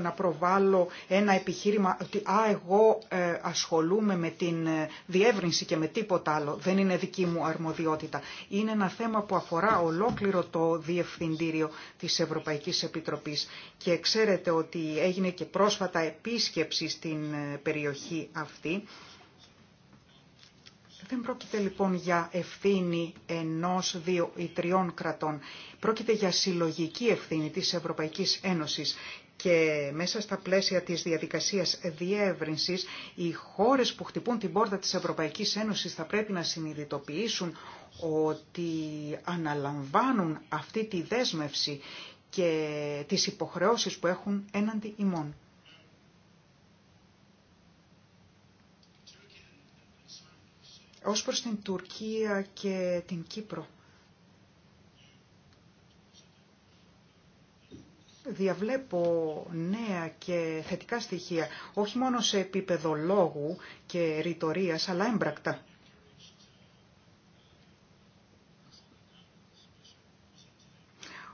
να προβάλλω ένα επιχείρημα ότι α, εγώ ε, ασχολούμαι με την ε, διεύρυνση και με τίποτα άλλο. Δεν είναι δική μου αρμοδιότητα. Είναι ένα θέμα που αφορά ολόκληρο το Διευθυντήριο της Ευρωπαϊκής Επιτροπής. Και ξέρετε ότι έγινε και πρόσφατα επίσκεψη στην ε, περιοχή αυτή. Δεν πρόκειται λοιπόν για ευθύνη ενός, δύο ή τριών κρατών. Πρόκειται για συλλογική ευθύνη της Ευρωπαϊκής Ένωσης και μέσα στα πλαίσια της διαδικασίας διεύρυνσης οι χώρες που χτυπούν την πόρτα της Ευρωπαϊκής Ένωσης θα πρέπει να συνειδητοποιήσουν ότι αναλαμβάνουν αυτή τη δέσμευση και τις υποχρεώσεις που έχουν έναντι ημών. Ως προς την Τουρκία και την Κύπρο. διαβλέπω νέα και θετικά στοιχεία, όχι μόνο σε επίπεδο λόγου και ρητορίας, αλλά έμπρακτα.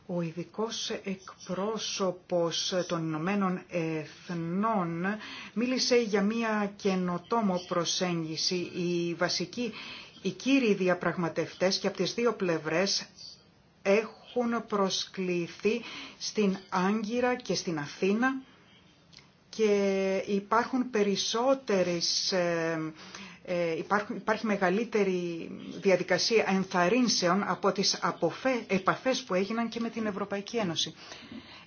Ο ειδικό εκπρόσωπος των Ηνωμένων Εθνών μίλησε για μια καινοτόμο προσέγγιση. Οι βασικοί, οι κύριοι διαπραγματευτές και από τις δύο πλευρές έχουν έχουν προσκληθεί στην Άγκυρα και στην Αθήνα και υπάρχουν περισσότερες, ε, ε, υπάρχουν, υπάρχει μεγαλύτερη διαδικασία ενθαρρύνσεων από τις αποφέ, επαφές που έγιναν και με την Ευρωπαϊκή Ένωση.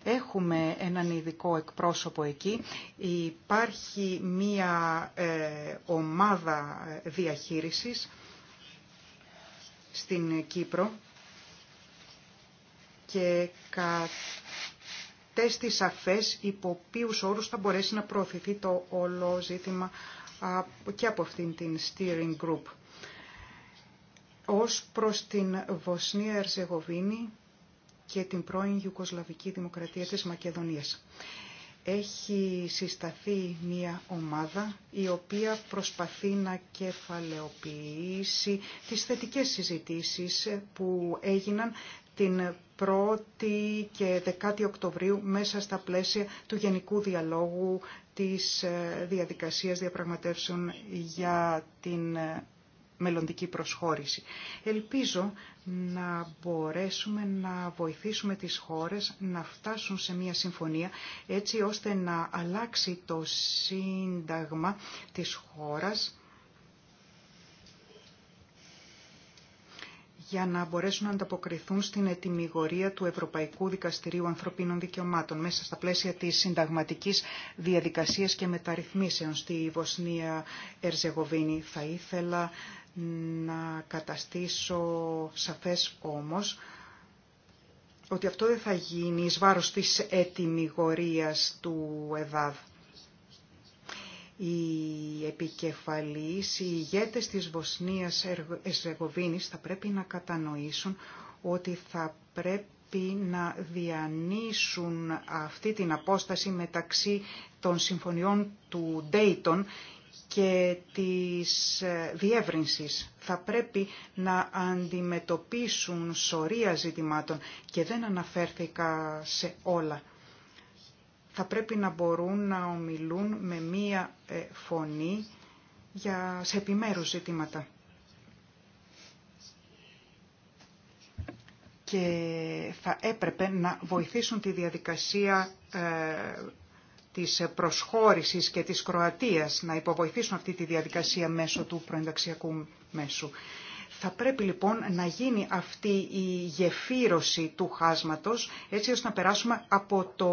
Έχουμε έναν ειδικό εκπρόσωπο εκεί. Υπάρχει μία ε, ομάδα διαχείρισης στην Κύπρο και κατέστη σαφές υπό ποιου όρους θα μπορέσει να προωθηθεί το όλο ζήτημα και από αυτήν την steering group. Ως προς την Βοσνία Ερζεγοβίνη και την πρώην Ιουκοσλαβική Δημοκρατία της Μακεδονίας. Έχει συσταθεί μία ομάδα η οποία προσπαθεί να κεφαλαιοποιήσει τις θετικές συζητήσεις που έγιναν την 1η και 10η Οκτωβρίου μέσα στα πλαίσια του Γενικού Διαλόγου της ε, διαδικασίας διαπραγματεύσεων για την ε, μελλοντική προσχώρηση. Ελπίζω να μπορέσουμε να βοηθήσουμε τις χώρες να φτάσουν σε μια συμφωνία έτσι ώστε να αλλάξει το σύνταγμα της χώρας για να μπορέσουν να ανταποκριθούν στην ετοιμιγορία του Ευρωπαϊκού Δικαστηρίου Ανθρωπίνων Δικαιωμάτων μέσα στα πλαίσια της συνταγματικής διαδικασίας και μεταρρυθμίσεων στη Βοσνία Ερζεγοβίνη. Θα ήθελα να καταστήσω σαφές όμως ότι αυτό δεν θα γίνει εις βάρος της ετοιμιγορίας του ΕΔΑΔ οι επικεφαλείς, οι ηγέτες της Βοσνίας εσρεγοβίνης θα πρέπει να κατανοήσουν ότι θα πρέπει να διανύσουν αυτή την απόσταση μεταξύ των συμφωνιών του Dayton και της ε, διεύρυνσης. Θα πρέπει να αντιμετωπίσουν σωρία ζητημάτων και δεν αναφέρθηκα σε όλα θα πρέπει να μπορούν να ομιλούν με μία ε, φωνή για, σε επιμέρους ζητήματα. Και θα έπρεπε να βοηθήσουν τη διαδικασία ε, της προσχώρησης και της Κροατίας, να υποβοηθήσουν αυτή τη διαδικασία μέσω του προενταξιακού μέσου. Θα πρέπει λοιπόν να γίνει αυτή η γεφύρωση του χάσματος έτσι ώστε να περάσουμε από το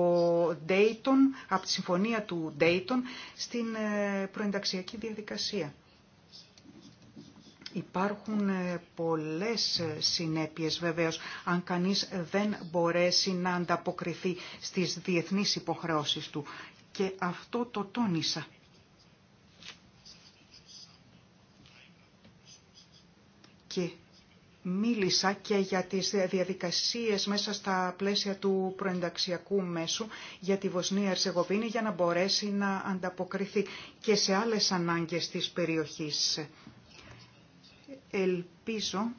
Dayton, από τη συμφωνία του Dayton στην ε, προενταξιακή διαδικασία. Υπάρχουν ε, πολλές ε, συνέπειες βεβαίως αν κανείς δεν μπορέσει να ανταποκριθεί στις διεθνείς υποχρεώσεις του και αυτό το τόνισα και μίλησα και για τις διαδικασίες μέσα στα πλαίσια του προενταξιακού μέσου για τη Βοσνία Ερζεγοβίνη για να μπορέσει να ανταποκριθεί και σε άλλες ανάγκες της περιοχής. Ελπίζω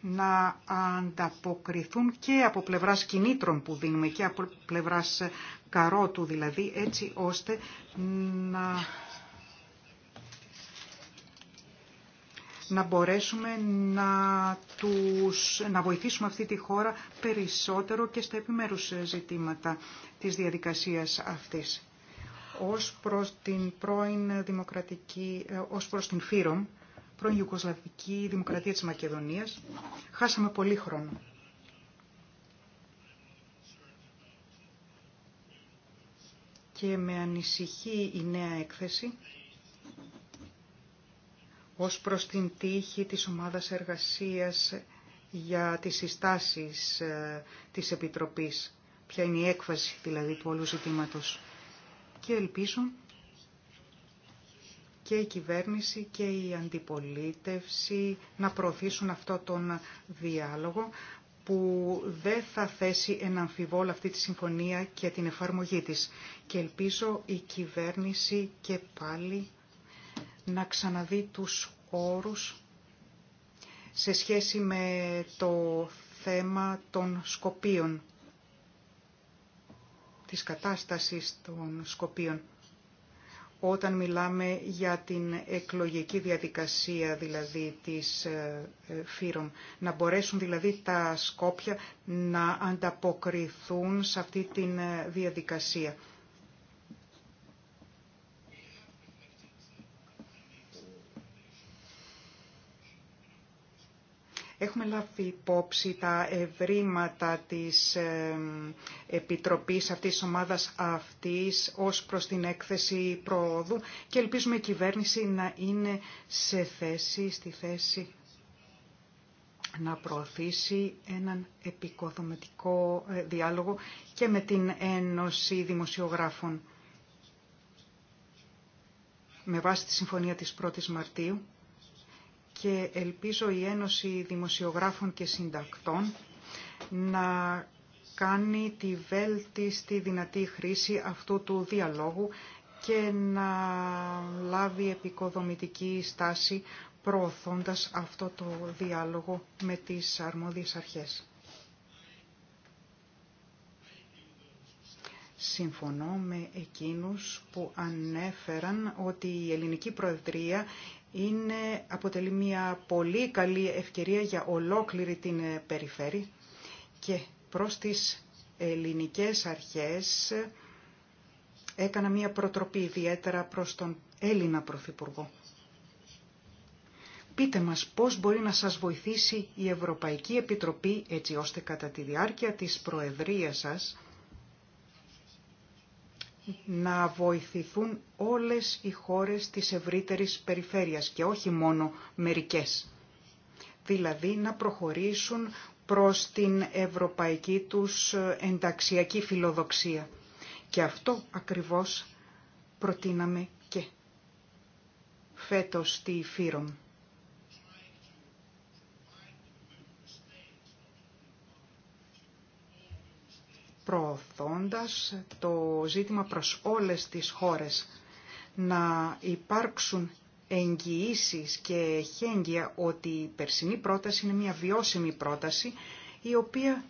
να ανταποκριθούν και από πλευράς κινήτρων που δίνουμε και από πλευράς καρότου δηλαδή έτσι ώστε να να μπορέσουμε να, τους, να βοηθήσουμε αυτή τη χώρα περισσότερο και στα επιμέρους ζητήματα της διαδικασίας αυτής. Ως προς την πρώην δημοκρατική, ε, ως προς την ΦΥΡΟΜ, πρώην Ιουκοσλαβική Δημοκρατία της Μακεδονίας, χάσαμε πολύ χρόνο. Και με ανησυχεί η νέα έκθεση ως προς την τύχη της ομάδας εργασίας για τις συστάσεις ε, της Επιτροπής. Ποια είναι η έκφαση δηλαδή του όλου ζητήματος. Και ελπίζω και η κυβέρνηση και η αντιπολίτευση να προωθήσουν αυτό τον διάλογο που δεν θα θέσει ένα αμφιβόλο αυτή τη συμφωνία και την εφαρμογή της. Και ελπίζω η κυβέρνηση και πάλι να ξαναδεί τους όρους σε σχέση με το θέμα των σκοπίων, της κατάστασης των σκοπίων. Όταν μιλάμε για την εκλογική διαδικασία δηλαδή της ε, ε, φύρων, να μπορέσουν δηλαδή τα σκόπια να ανταποκριθούν σε αυτή τη ε, διαδικασία Έχουμε λάβει υπόψη τα ευρήματα της Επιτροπής αυτής της ομάδας αυτής ως προς την έκθεση προόδου και ελπίζουμε η κυβέρνηση να είναι σε θέση, στη θέση να προωθήσει έναν επικοδομητικό ε, διάλογο και με την Ένωση Δημοσιογράφων. Με βάση τη Συμφωνία της 1ης Μαρτίου, και ελπίζω η Ένωση Δημοσιογράφων και Συντακτών να κάνει τη βέλτιστη δυνατή χρήση αυτού του διαλόγου και να λάβει επικοδομητική στάση προωθώντας αυτό το διάλογο με τις αρμόδιες αρχές. Συμφωνώ με εκείνους που ανέφεραν ότι η ελληνική προεδρία είναι, αποτελεί μια πολύ καλή ευκαιρία για ολόκληρη την ε, περιφέρεια και προς τις ελληνικές αρχές έκανα μια προτροπή ιδιαίτερα προς τον Έλληνα Πρωθυπουργό. Πείτε μας πώς μπορεί να σας βοηθήσει η Ευρωπαϊκή Επιτροπή έτσι ώστε κατά τη διάρκεια της Προεδρίας σας να βοηθηθούν όλες οι χώρες της ευρύτερης περιφέρειας και όχι μόνο μερικές. Δηλαδή να προχωρήσουν προς την ευρωπαϊκή τους ενταξιακή φιλοδοξία. Και αυτό ακριβώς προτείναμε και φέτος στη Φύρομ. προωθώντας το ζήτημα προς όλες τις χώρες να υπάρξουν εγγυήσει και χέγγια ότι η περσινή πρόταση είναι μια βιώσιμη πρόταση η οποία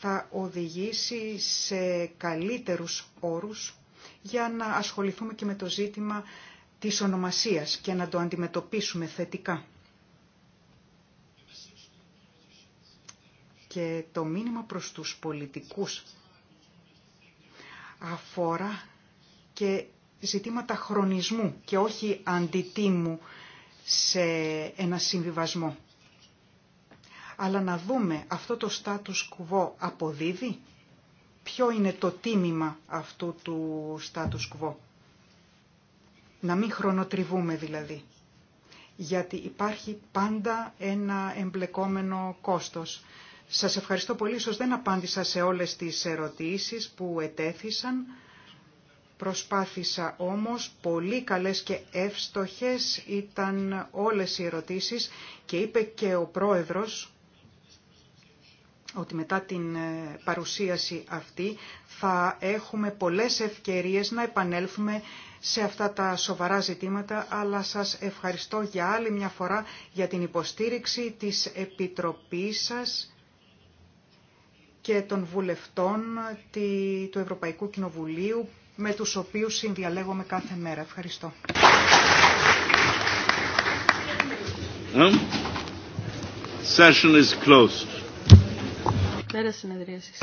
θα οδηγήσει σε καλύτερους όρους για να ασχοληθούμε και με το ζήτημα της ονομασίας και να το αντιμετωπίσουμε θετικά. και το μήνυμα προς τους πολιτικούς αφορά και ζητήματα χρονισμού και όχι αντιτίμου σε ένα συμβιβασμό. Αλλά να δούμε αυτό το status quo αποδίδει, ποιο είναι το τίμημα αυτού του status κουβό. Να μην χρονοτριβούμε δηλαδή, γιατί υπάρχει πάντα ένα εμπλεκόμενο κόστος σας ευχαριστώ πολύ. Ίσως δεν απάντησα σε όλες τις ερωτήσεις που ετέθησαν. Προσπάθησα όμως, πολύ καλές και εύστοχες ήταν όλες οι ερωτήσεις και είπε και ο πρόεδρος ότι μετά την ε, παρουσίαση αυτή θα έχουμε πολλές ευκαιρίες να επανέλθουμε σε αυτά τα σοβαρά ζητήματα, αλλά σας ευχαριστώ για άλλη μια φορά για την υποστήριξη της Επιτροπής σας και των βουλευτών του Ευρωπαϊκού Κοινοβουλίου με τους οποίους συνδιαλέγομαι κάθε μέρα. Ευχαριστώ.
Session is closed.
συνεδρίασης.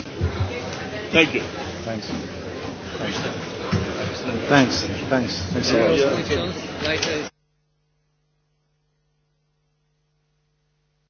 Thank